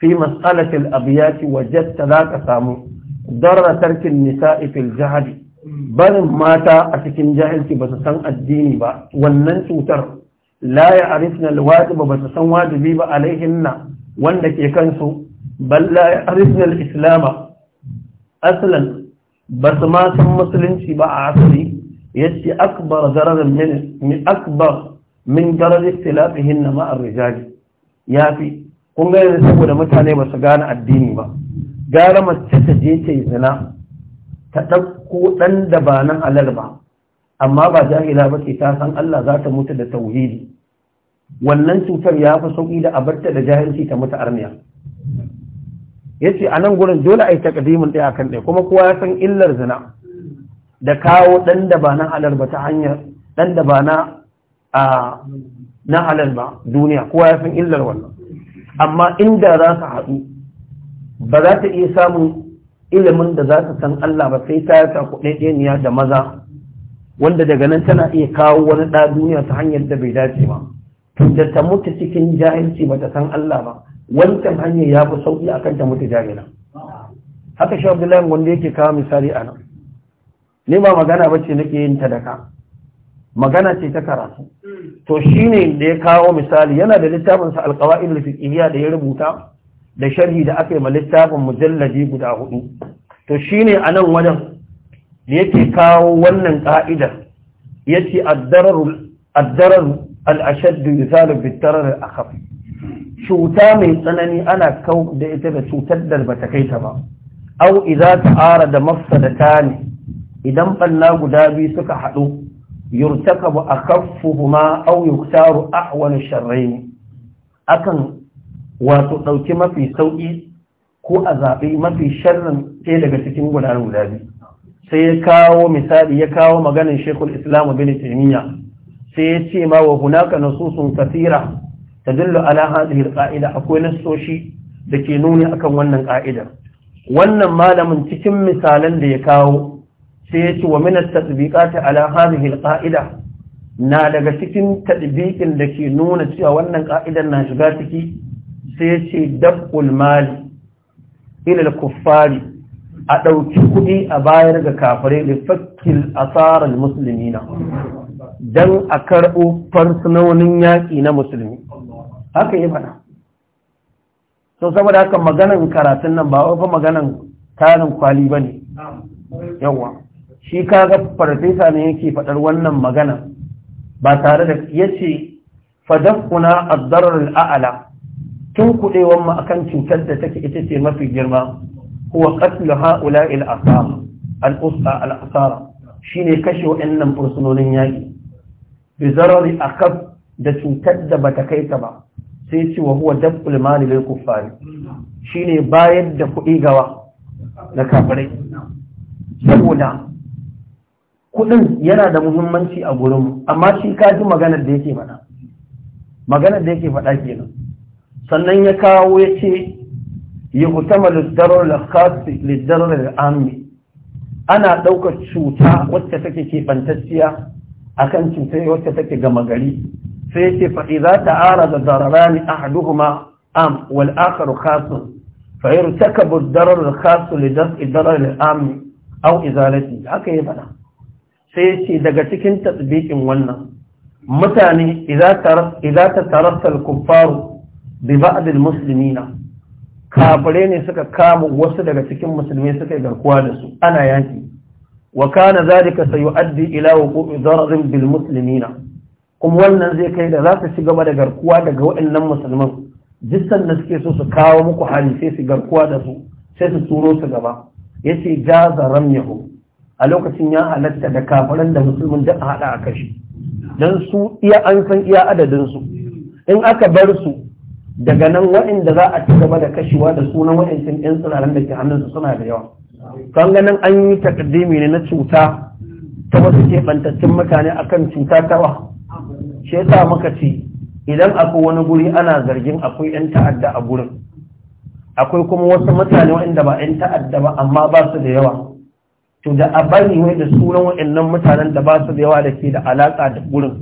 fi mas'alatil abiyati wajadta zaka samu darra tarkin nisa'i fil barin mata a cikin jahilci ba su san addini ba wannan cutar la ya arifna ba su san wajibi ba alaihinna wanda ke kansu bal la ya arifna aslan ba su ma san musulunci ba a asali ya ce akbar zararin min akbar min gararin tilafihin na ma'ar rijali ya fi kun gani saboda mutane ba su gane addini ba gara mace ta je ta yi zina ta ɗauko ɗan da ba na halal ba amma ba jahila ba ke ta san Allah za ta mutu da tauhidi wannan cutar ya fi sauƙi da abarta da jahilci ta mutu armiya Ya ce a nan gurin dole a yi takadimin ɗaya kan ɗaya kuma kowa ya san illar zina da kawo ɗan da ba na halar ba ta hanyar ɗan da ba na halar ba duniya kowa ya san illar wannan amma inda za ka haɗu ba za ta iya samun ilimin da za ta san Allah ba sai ta yi yata kuɗaɗeniya da maza wanda daga nan tana iya kawo wani ɗa duniya ta hanyar da bai dace ba da ta mutu cikin jahilci ba ta san Allah ba wancan hanyar ya fi sauƙi a kanta mutu jami'a. haka shi abdullahi wanda yake kawo misali a nan ne ba magana bace nake yin ta da ka magana ce ta karatu to shine da ya kawo misali yana da littafinsa sa alqawaid da ya rubuta da sharhi da aka yi ma littafin mujalladi guda hudu to shine anan wajen da yake kawo wannan ka'idar ya ad-darar ad-darar al-ashadd yuzalu bit-darar cuta mai tsanani ana kau da ita da cutar da ba ta kai ta ba au ta ara da ta ne idan balla guda biyu suka haɗu yurtakabu akaffuhuma aw yuktaru ahwan sharrayn akan wato ɗauki mafi sauki ko a zaɓi mafi sharrin ɗaya daga cikin gudanar guda biyu sai ya kawo misali ya kawo maganin shekul islamu bin taimiyya sai ya ce ma wa hunaka nasusun kasira tadullu ala hadhihi alqa'ida akwai nassoshi da ke nuni akan wannan ƙa'ida. wannan malamin cikin misalan da ya kawo sai ya ce wa min at-tatbiqati ala hadhihi alqa'ida na daga cikin tadbiqin da ke nuna cewa wannan ka'idar na shiga ciki sai ya ce dab'ul mali ila al-kuffari a ɗauki kuɗi a bayar ga kafirai da fakil asarar musulmi na don a karɓo farsunonin yaƙi na musulmi haka yi faɗa sau saboda haka maganan karatun nan ba wafa maganan tarin kwali ba ne yawa shi kaga farfesa ne yake faɗar wannan magana ba tare da ya ce fadafuna zarar al'ala tun kuɗewan mu akan cutar da take ita ce mafi girma Kuwa qatlu ha'ula al-asam al-usra al shine kashe waɗannan fursunonin yaƙi bi akaf da cutar da bata kai ta ba sai ce wa huwa dab'ul mali lil kuffari shine bayar da kuɗi gawa na kafirai saboda kuɗin yana da muhimmanci a gurin amma shi ka ji maganar da yake faɗa maganar da yake faɗa kenan sannan ya kawo ya ce ya kutama liddarar lakasi liddarar al'ammi ana ɗaukar cuta wacce take ke fantasiya akan cutar wacce take gama gari sai ce faɗi za ta ara da zararani a haduhuma am wal'akar khasun fa'ir ta kabu darar khasun lidas idarar am au izalati haka ya faɗa sai ce daga cikin tasbikin wannan mutane idan ta tarasta kuffaru bi ba'adil musulmina kafare ne suka kama wasu daga cikin musulmi suka yi garkuwa da su ana yaki wa kana zalika sayu'addi ila wuqu'i dararin bil muslimina kuma wannan zai kai da za su ci gaba da garkuwa daga waɗannan musulman jistan da suke so su kawo muku hali sai su garkuwa da su sai su turo su gaba ya ce jaza ramyahu a lokacin ya halatta da kafaran da musulmin da haɗa a kashi don su iya an san iya adadinsu in aka bar su daga nan waɗanda za a ci gaba da kashewa da sunan waɗancan 'yan tsiraran da ke hannunsu suna da yawa kan ganin an yi takaddimi ne na cuta ta wasu keɓantattun mutane akan cuta ta wa. shi yasa muka ce idan akwai wani guri ana zargin akwai 'yan ta'adda a gurin akwai kuma wasu mutane waɗanda ba 'yan ta'adda ba amma ba su da yawa to da a bari wai da sunan waɗannan mutanen da ba su da yawa da ke da alaƙa da gurin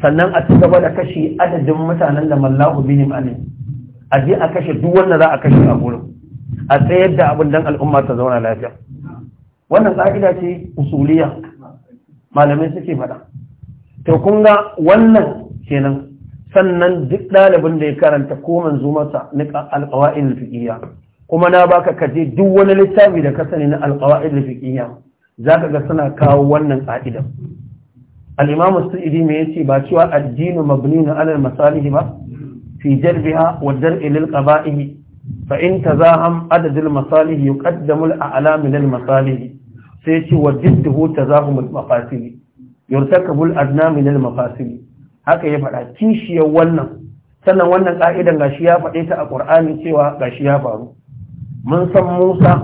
sannan a ci gaba da kashe adadin mutanen da mallahu a je a kashe duk wanda za a kashe a gurin a tsayar da abin dan al'umma ta zauna lafiya wannan ƙa'ida ce usuliya malamai suke faɗa to kunga wannan kenan sannan duk ɗalibin da ya karanta ko manzo masa na alƙawa'in fiqiyya kuma na baka kaje duk wani littafi da ka sani na alƙawa'in fiqiyya zaka ga suna kawo wannan qa'idan al-imam as-su'idi me yace ba cewa ad-dinu mabniun 'ala al ba fi jalbiha wa dar'i lil qaba'ih fa in tazaham adad al-masalih yuqaddamu al-a'la min al sai yace wa jiddu tazahum al yurtakabul adna min al mafasil haka ya faɗa kishiyar wannan sannan wannan ka'idan gashi ya faɗe ta a Qur'ani cewa gashi ya faru mun san Musa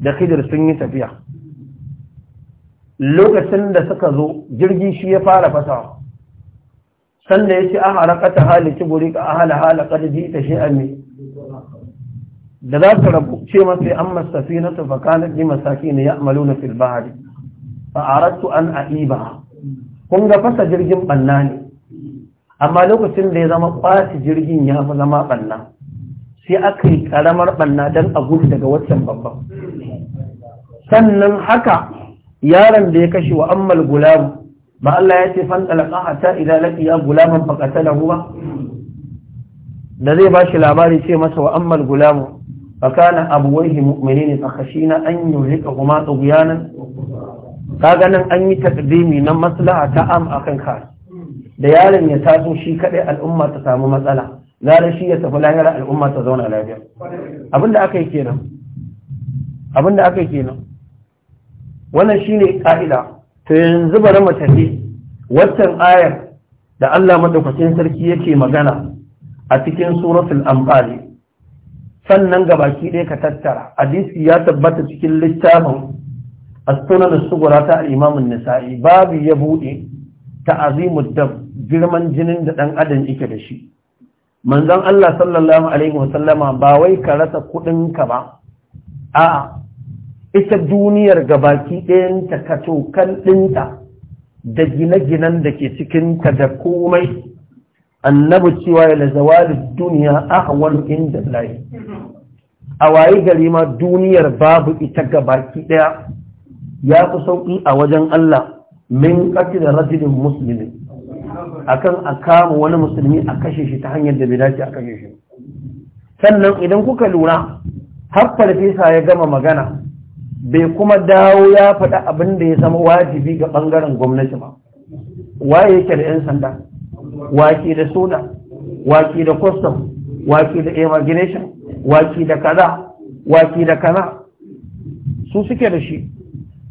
da Khidir sun yi tafiya lokacin da suka zo jirgi shi ya fara fasawa sannan ya ce a harakata halici buri ka a hala hala ƙarfi ta shi ne da za su rabu ce masu an masafi na tafaka na ji masaki ne ya amalu na filbahari ba a rattu an a'iba kun ga fasa jirgin ɓanna ne amma lokacin da ya zama kwasi jirgin ya fi zama banna sai aka yi karamar ɓanna don a gudu daga waccan babban sannan haka yaron da ya kashe wa ammal gulamu ba Allah ya ce fan talaka hatta idan ya gulaman faqatalahu ruwa? da zai ba bashi labari ce masa wa ammal gulamu فكان أبويه مؤمنين an أن يهلكهما طغيانا ka ganin an yi takdimi na maslaha ta am akan khas da yaron ya taso shi kadai al'umma ta samu matsala gara shi ya tafi lahira al'umma ta zauna lafiya abinda aka yi kenan abinda aka yi kenan wannan shine ka'ida to yanzu bari mu tafi waccan ayar da Allah madaukakin sarki yake magana a cikin suratul anfal sannan gabaki ɗaya ka tattara hadisi ya tabbata cikin littafin as-sunan as ta al-imam nisai babu ya buɗe ta'azimu da girman jinin da ɗan adam yake da shi manzon Allah sallallahu alaihi wasallama ba wai ka rasa kuɗinka ka ba a ita duniyar gabaki baki ɗayanta kato ɗinta da gine-ginen da ke cikin da komai annabi cewa ya zawalin duniya ahwal inda lahi a waye gari ma duniyar babu ita gabaki ɗaya ya fi sauƙi a wajen Allah min da rajinin musulmi akan a kama wani musulmi a kashe shi ta hanyar da bai dace a kashe shi sannan idan kuka lura har farfesa ya gama magana bai kuma dawo ya faɗa abin da ya zama wajibi ga ɓangaren gwamnati ba waye yake da 'yan sanda wake da soda wake da custom wake da imagination wake da kaza wake da kaza su suke da shi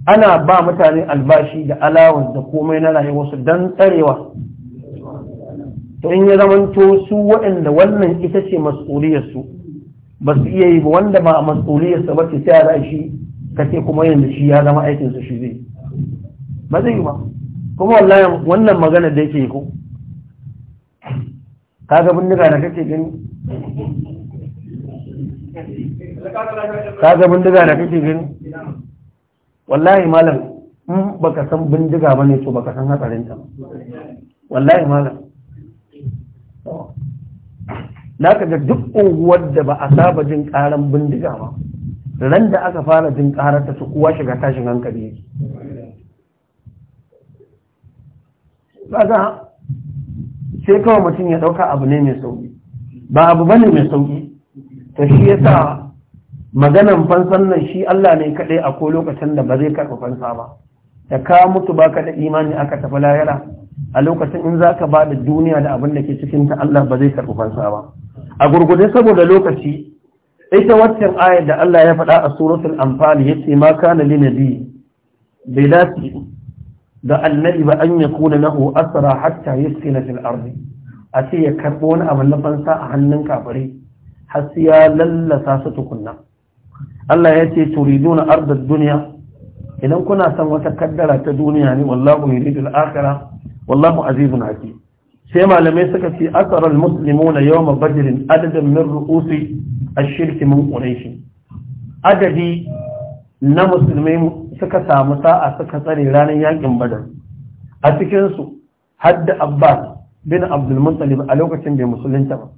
ana ba mutane albashi da alawar da komai na rayuwarsu don tsarewa to in ya zamanto su waɗanda wannan ita ce mas'uliyarsu ba su iya yi ba wanda ba a mas'uliyarsa ba ce sai a shi ka ce kuma da shi ya zama aikinsa shi zai ba zai yi ba kuma wallahi wannan magana da yake ko kaga bindiga da kake gani kaga bindiga da kake gani wallahi malam in baka san bindiga bane to baka san hatsarin ta wallahi malam na kaga duk unguwar da ba a saba jin karan bindiga ba ran da aka fara jin karar ta su kuwa shiga tashin hankali yake kaga sai kawai mutum ya dauka abu ne mai sauki ba abu bane mai sauki to shi yasa maganan fansan nan shi Allah ne kaɗai a ko lokacin da ba zai karɓi fansa ba da ka mutu baka da imani aka tafi layara a lokacin in zaka ba da duniya da abin da ke cikin ta Allah ba zai karɓi fansa ba a gurgurde saboda lokaci ita waccan ayar da Allah ya faɗa a suratul anfal yace ma kana lin nabi bai dace da annabi ba an yakuna lahu asra hatta yusfina fil ardi a ce ya karɓo wani abin na fansa a hannun kafare har sai ya lallasa su tukunna Allah ya ce turiduna ardad duniya idan kuna son wata kaddara ta duniya ne wallahu yuridul akhirah wallahu azizun hakim sai malamai suka ce asarar muslimuna yawma badrin adadin min ru'usi ash-shirki min quraish adadi na musulmai suka samu sa'a suka tsare ranar yakin badar a cikin su hadda abbas bin abdul muttalib a lokacin bai musulunta ba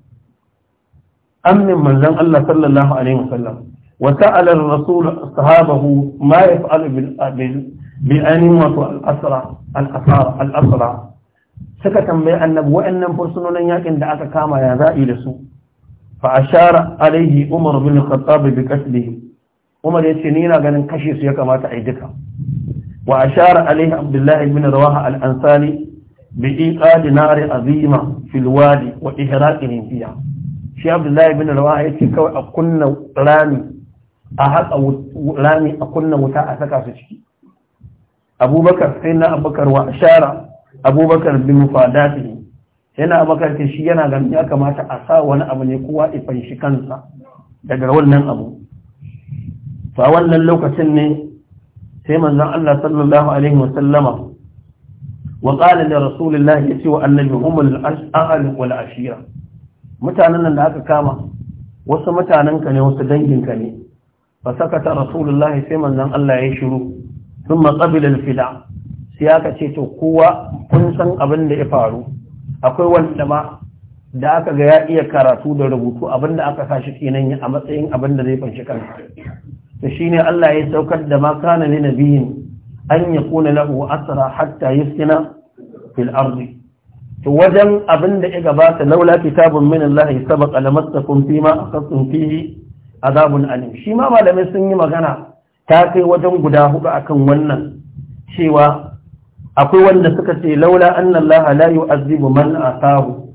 amin manzon Allah sallallahu alaihi wasallam وسأل الرسول صحابه ما يفعل بالآن وطو الأسرى الأسرى الأسرى سكتا بأنب وأنم فرسلنا يكن دعك كاما يا ذائي لسو فأشار عليه عمر بن الخطاب بقتله عمر يتنين قال كشيس يكما تعيدك وأشار عليه عبد الله بن رواحة الأنصاري بإيقاد نار عظيمة في الوادي وإهراقهم فيها shi abdullahi bin rawaha yace kawai a kunna rami a haƙa rami a kunna wuta a saka su ciki abubakar sai na abubakar wa ashara abubakar bin Sai yana abubakar ta shi yana ganin ya kamata a sa wani abu ne kowa ifan shi kansa daga wannan abu fa wannan lokacin ne sai manzon Allah sallallahu alaihi wa sallama wa qala li rasulillahi yati wa annabi humul ash'al wal ashira mutanen nan da aka kama wasu mutanen ka ne wasu dangin ka ne فسكت رسول الله سيما لن الله يشرو ثم قبل الفداء سياكا تيتو قوة كنسا أبن لإفارو أقوى والسماء da aka ga ya iya karatu da rubutu abinda aka sashi kenan a matsayin abinda zai fanshi kansa to shine Allah ya saukar da ma kana ne nabiyin an yakuna lahu asra hatta yuskina fil ardi to wajen abin da ya gabata laula kitabun min Allah sabaqa lamastakum fima akhadtum fihi azabun alim shi ma malamai sun yi magana ta kai wajen guda hudu akan wannan cewa akwai wanda suka ce laula annallaha la yu'azzibu man asahu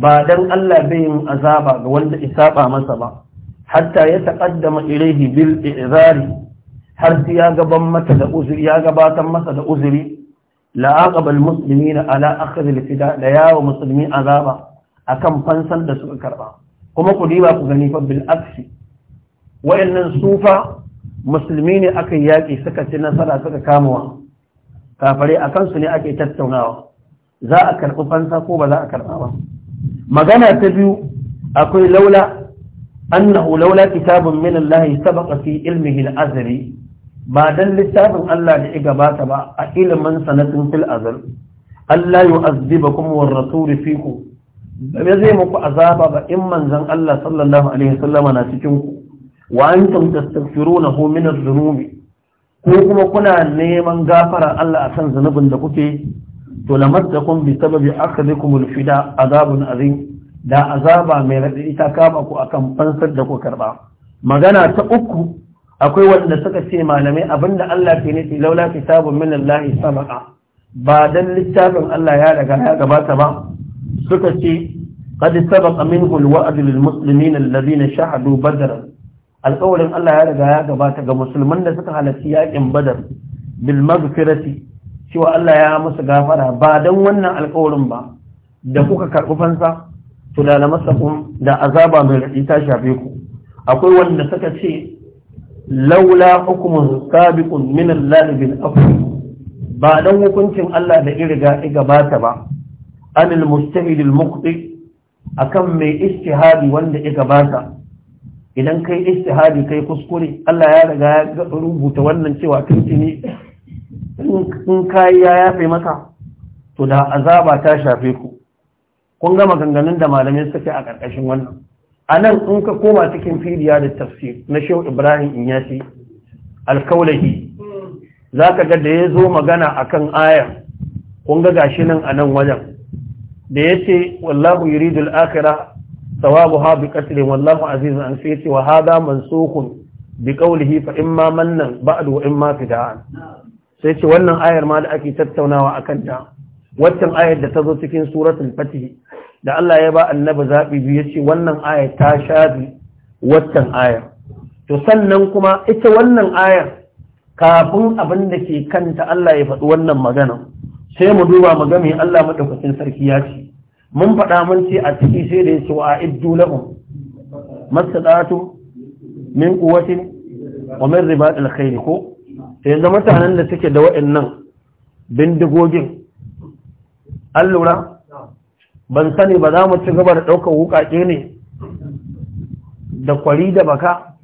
ba dan Allah bai yin azaba ga wanda isaba masa ba hatta ya taqaddama ilayhi bil i'zari har sai ya gaban mata da uzuri ya gabatar masa da uzuri la aqabal muslimina ala akhdh al fida da yawa musulmi azaba akan fansan da suka karba kuma ku diba ku gani fa bil aksi wayannan sufa musulmi ne aka yaƙi suka ci nasara suka kamuwa. kafare a kansu ne ake tattaunawa za a karɓi fansa ko ba za a karɓa ba magana ta biyu akwai laula annahu laula kitabun min Allah sabaqa fi ilmihi al-azri ba dan littafin Allah da ya gabata ba a ilimin sanatin fil azr Allah yu'azzibakum war rasul fiku ba zai muku azaba ba in manzon Allah sallallahu alaihi wasallama na cikin ku wa antum tastaghfirunahu min adh-dhunubi ko kuma kuna neman gafara Allah akan zunubin da kuke to lamaddakum bi sababi akhadhikum al-fida azabun azim da azaba mai radadi ta kama ku akan fansar da ku karba magana ta uku akwai wanda suka ce malamai abinda Allah ke nufi laula kitabun min Allah sabaqa ba dan littafin Allah ya daga ya gabata ba suka ce qad sabaqa minhu alwa'd lilmuslimin alladhina shahadu badran alƙawarin Allah ya riga ya gabata ga musulman da suka halarci yakin badar bil magfirati cewa Allah ya musu gafara ba don wannan alƙawarin ba da kuka karɓi fansa to da lamassakum da azaba mai raɗi ta shafe ku akwai wanda suka ce laula hukumun sabiqun min Allah bil ba dan hukuncin Allah da irga gabata ba anil mustahid al muqti akan mai ijtihadi wanda ya gabata idan kai istihadi kai kuskure Allah ya riga ya rubuta wannan cewa tuntuni in kai ya yafe maka to da azaba ta shafe ku kun ga maganganun da malamai suke a karkashin wannan a in ka koma cikin fidiya da tafsir na shehu ibrahim inyasi alkaulahi za ka ga da ya zo magana akan aya. kun ga gashi nan a wajen da ya ce wallahu yuridul akhirah thawabuha bi qatrin wallahu azizun an sai wa hada mansukun bi qawlihi fa imma mannan sai ce wannan ayar ma da ake tattaunawa akan ta waccan ayar da ta zo cikin suratul fatih da Allah ya ba annabi zabi biyu yace wannan ayar ta shafi waccan ayar to sannan kuma ita wannan ayar kafin abin da ke kanta Allah ya faɗi wannan magana sai mu duba mu ga Allah madaukakin sarki ya ce mun faɗa mun ce a ciki sai da ya ce wa iddu lahum masadatu min quwwatin wa min ribat alkhair ko Sai da mutanen da suke da wa'annan bindigogin an ban sani ba za mu ci gaba da ɗaukar wukaƙe ne da kwari da baka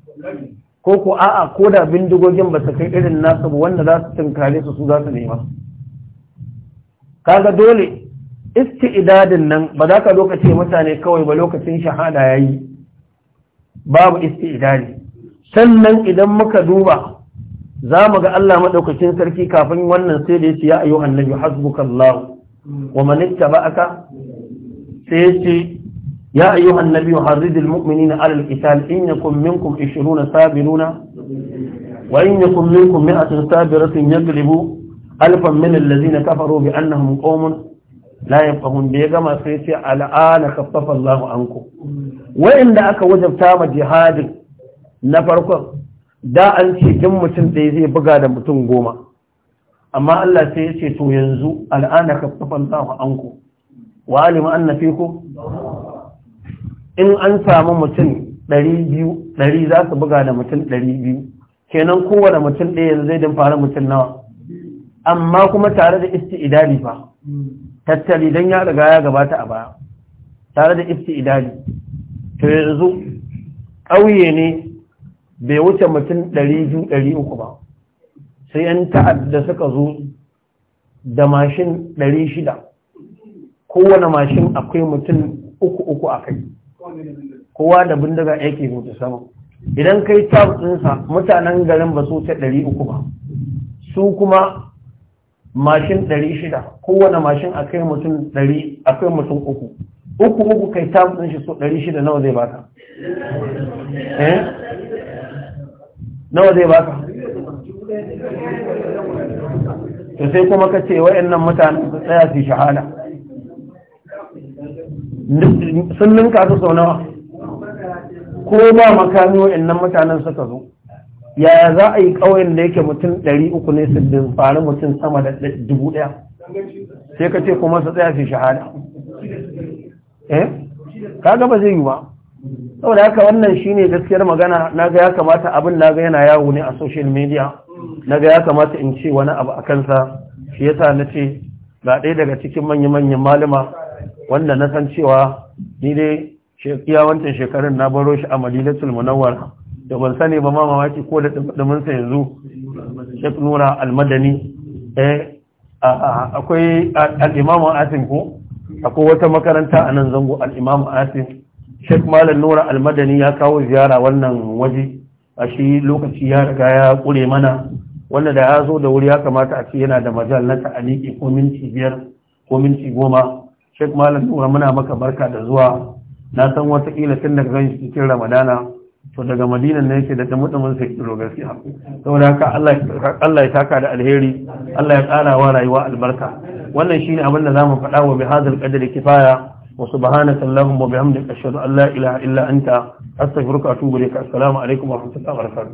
ko ko a'a ko da bindigogin ba su kai irin nasu wanda za su tunkare su su za su nema kaga dole isti'idadin nan ba za ka lokaci mutane kawai ba lokacin shahada ya yi babu isti'idadi sannan idan muka duba za mu ga Allah maɗaukacin sarki kafin wannan sai da ya ce ya ayyu annabi hasbukallahu wa man ittaba'aka sai ya ce ya ayyu annabi haridil mu'minina alal qital in yakum minkum 20 sabiruna wa in yakum minkum 100 sabiratun yaglibu alfan min alladhina kafaru bi annahum qaumun la fahun da ya gama sai ce al'ana kaffafa an ku wa'inda aka wajabta ma jihadin na farkon da an ce jin mutum ɗaya zai buga da mutum goma amma Allah sai ya ce to yanzu al'ana kaffafa an ku wa alima anna fiku in an samu mutum 200 ɗari za su buga da mutum 200 kenan kowane mutum ɗaya yanzu zai din fara mutum nawa amma kuma tare da isti'idali fa tattali don ya riga ya gabata a baya tare da idali to yanzu ƙauye ne bai wuce mutum ɗari uku ba sai yan ta'adda suka zo da mashin ɗari shida kowane mashin akwai mutum uku uku a kai kowa da bindiga yake mutu sama idan kai tab ɗinsa mutanen garin ba su ta ɗari uku ba su kuma mashin ɗari shida kowane mashin akai mutum ɗari akai mutum uku uku uku kai mutum shi so ɗari shida nawa zai baka eh nawa zai baka to sai kuma ka ce wayannan mutanen su tsaya su shahada sun ninka su sau nawa ko ba makami wayannan mutanen suka zo yaya za a yi ƙauyen da yake mutum ɗari uku ne su dimfari mutum sama da dubu ɗaya sai ka ce kuma su tsaya su shahada eh ka gaba zai yi ba saboda haka wannan shine gaskiyar magana na ga ya kamata abin na ga yana yawo ne a social media ga ya kamata in ce wani abu a kansa shi yasa na ce ga ɗaya daga cikin manya-manyan malama wanda na san cewa ni dai ya wancan shekarun na baro shi a Madinatul munawwara da ban sani ba mamawa mamaki ko da dumin yanzu Sheikh Nura Al-Madani eh akwai al-Imam ko akwai wata makaranta a nan zango al-Imam Asim Sheikh Malam Nura Al-Madani ya kawo ziyara wannan waje a shi lokaci ya riga ya kure mana wanda da ya zo da wuri ya kamata a ce yana da majal na ta'aliki ko minti biyar ko minti goma Sheikh Malam Nura muna maka barka da zuwa na san wata kila tun daga ganin cikin Ramadana to daga madinan ne yake da damudamin sai kiro gaskiya saboda haka Allah ya taka da alheri Allah ya tsara wa rayuwa albarka wannan shine abin da zamu faɗa wa bihadhal qadri kifaya wa subhanaka allahumma wa bihamdika ashhadu an la ilaha illa anta astaghfiruka wa atubu ilaik assalamu alaikum wa rahmatullahi wa barakatuh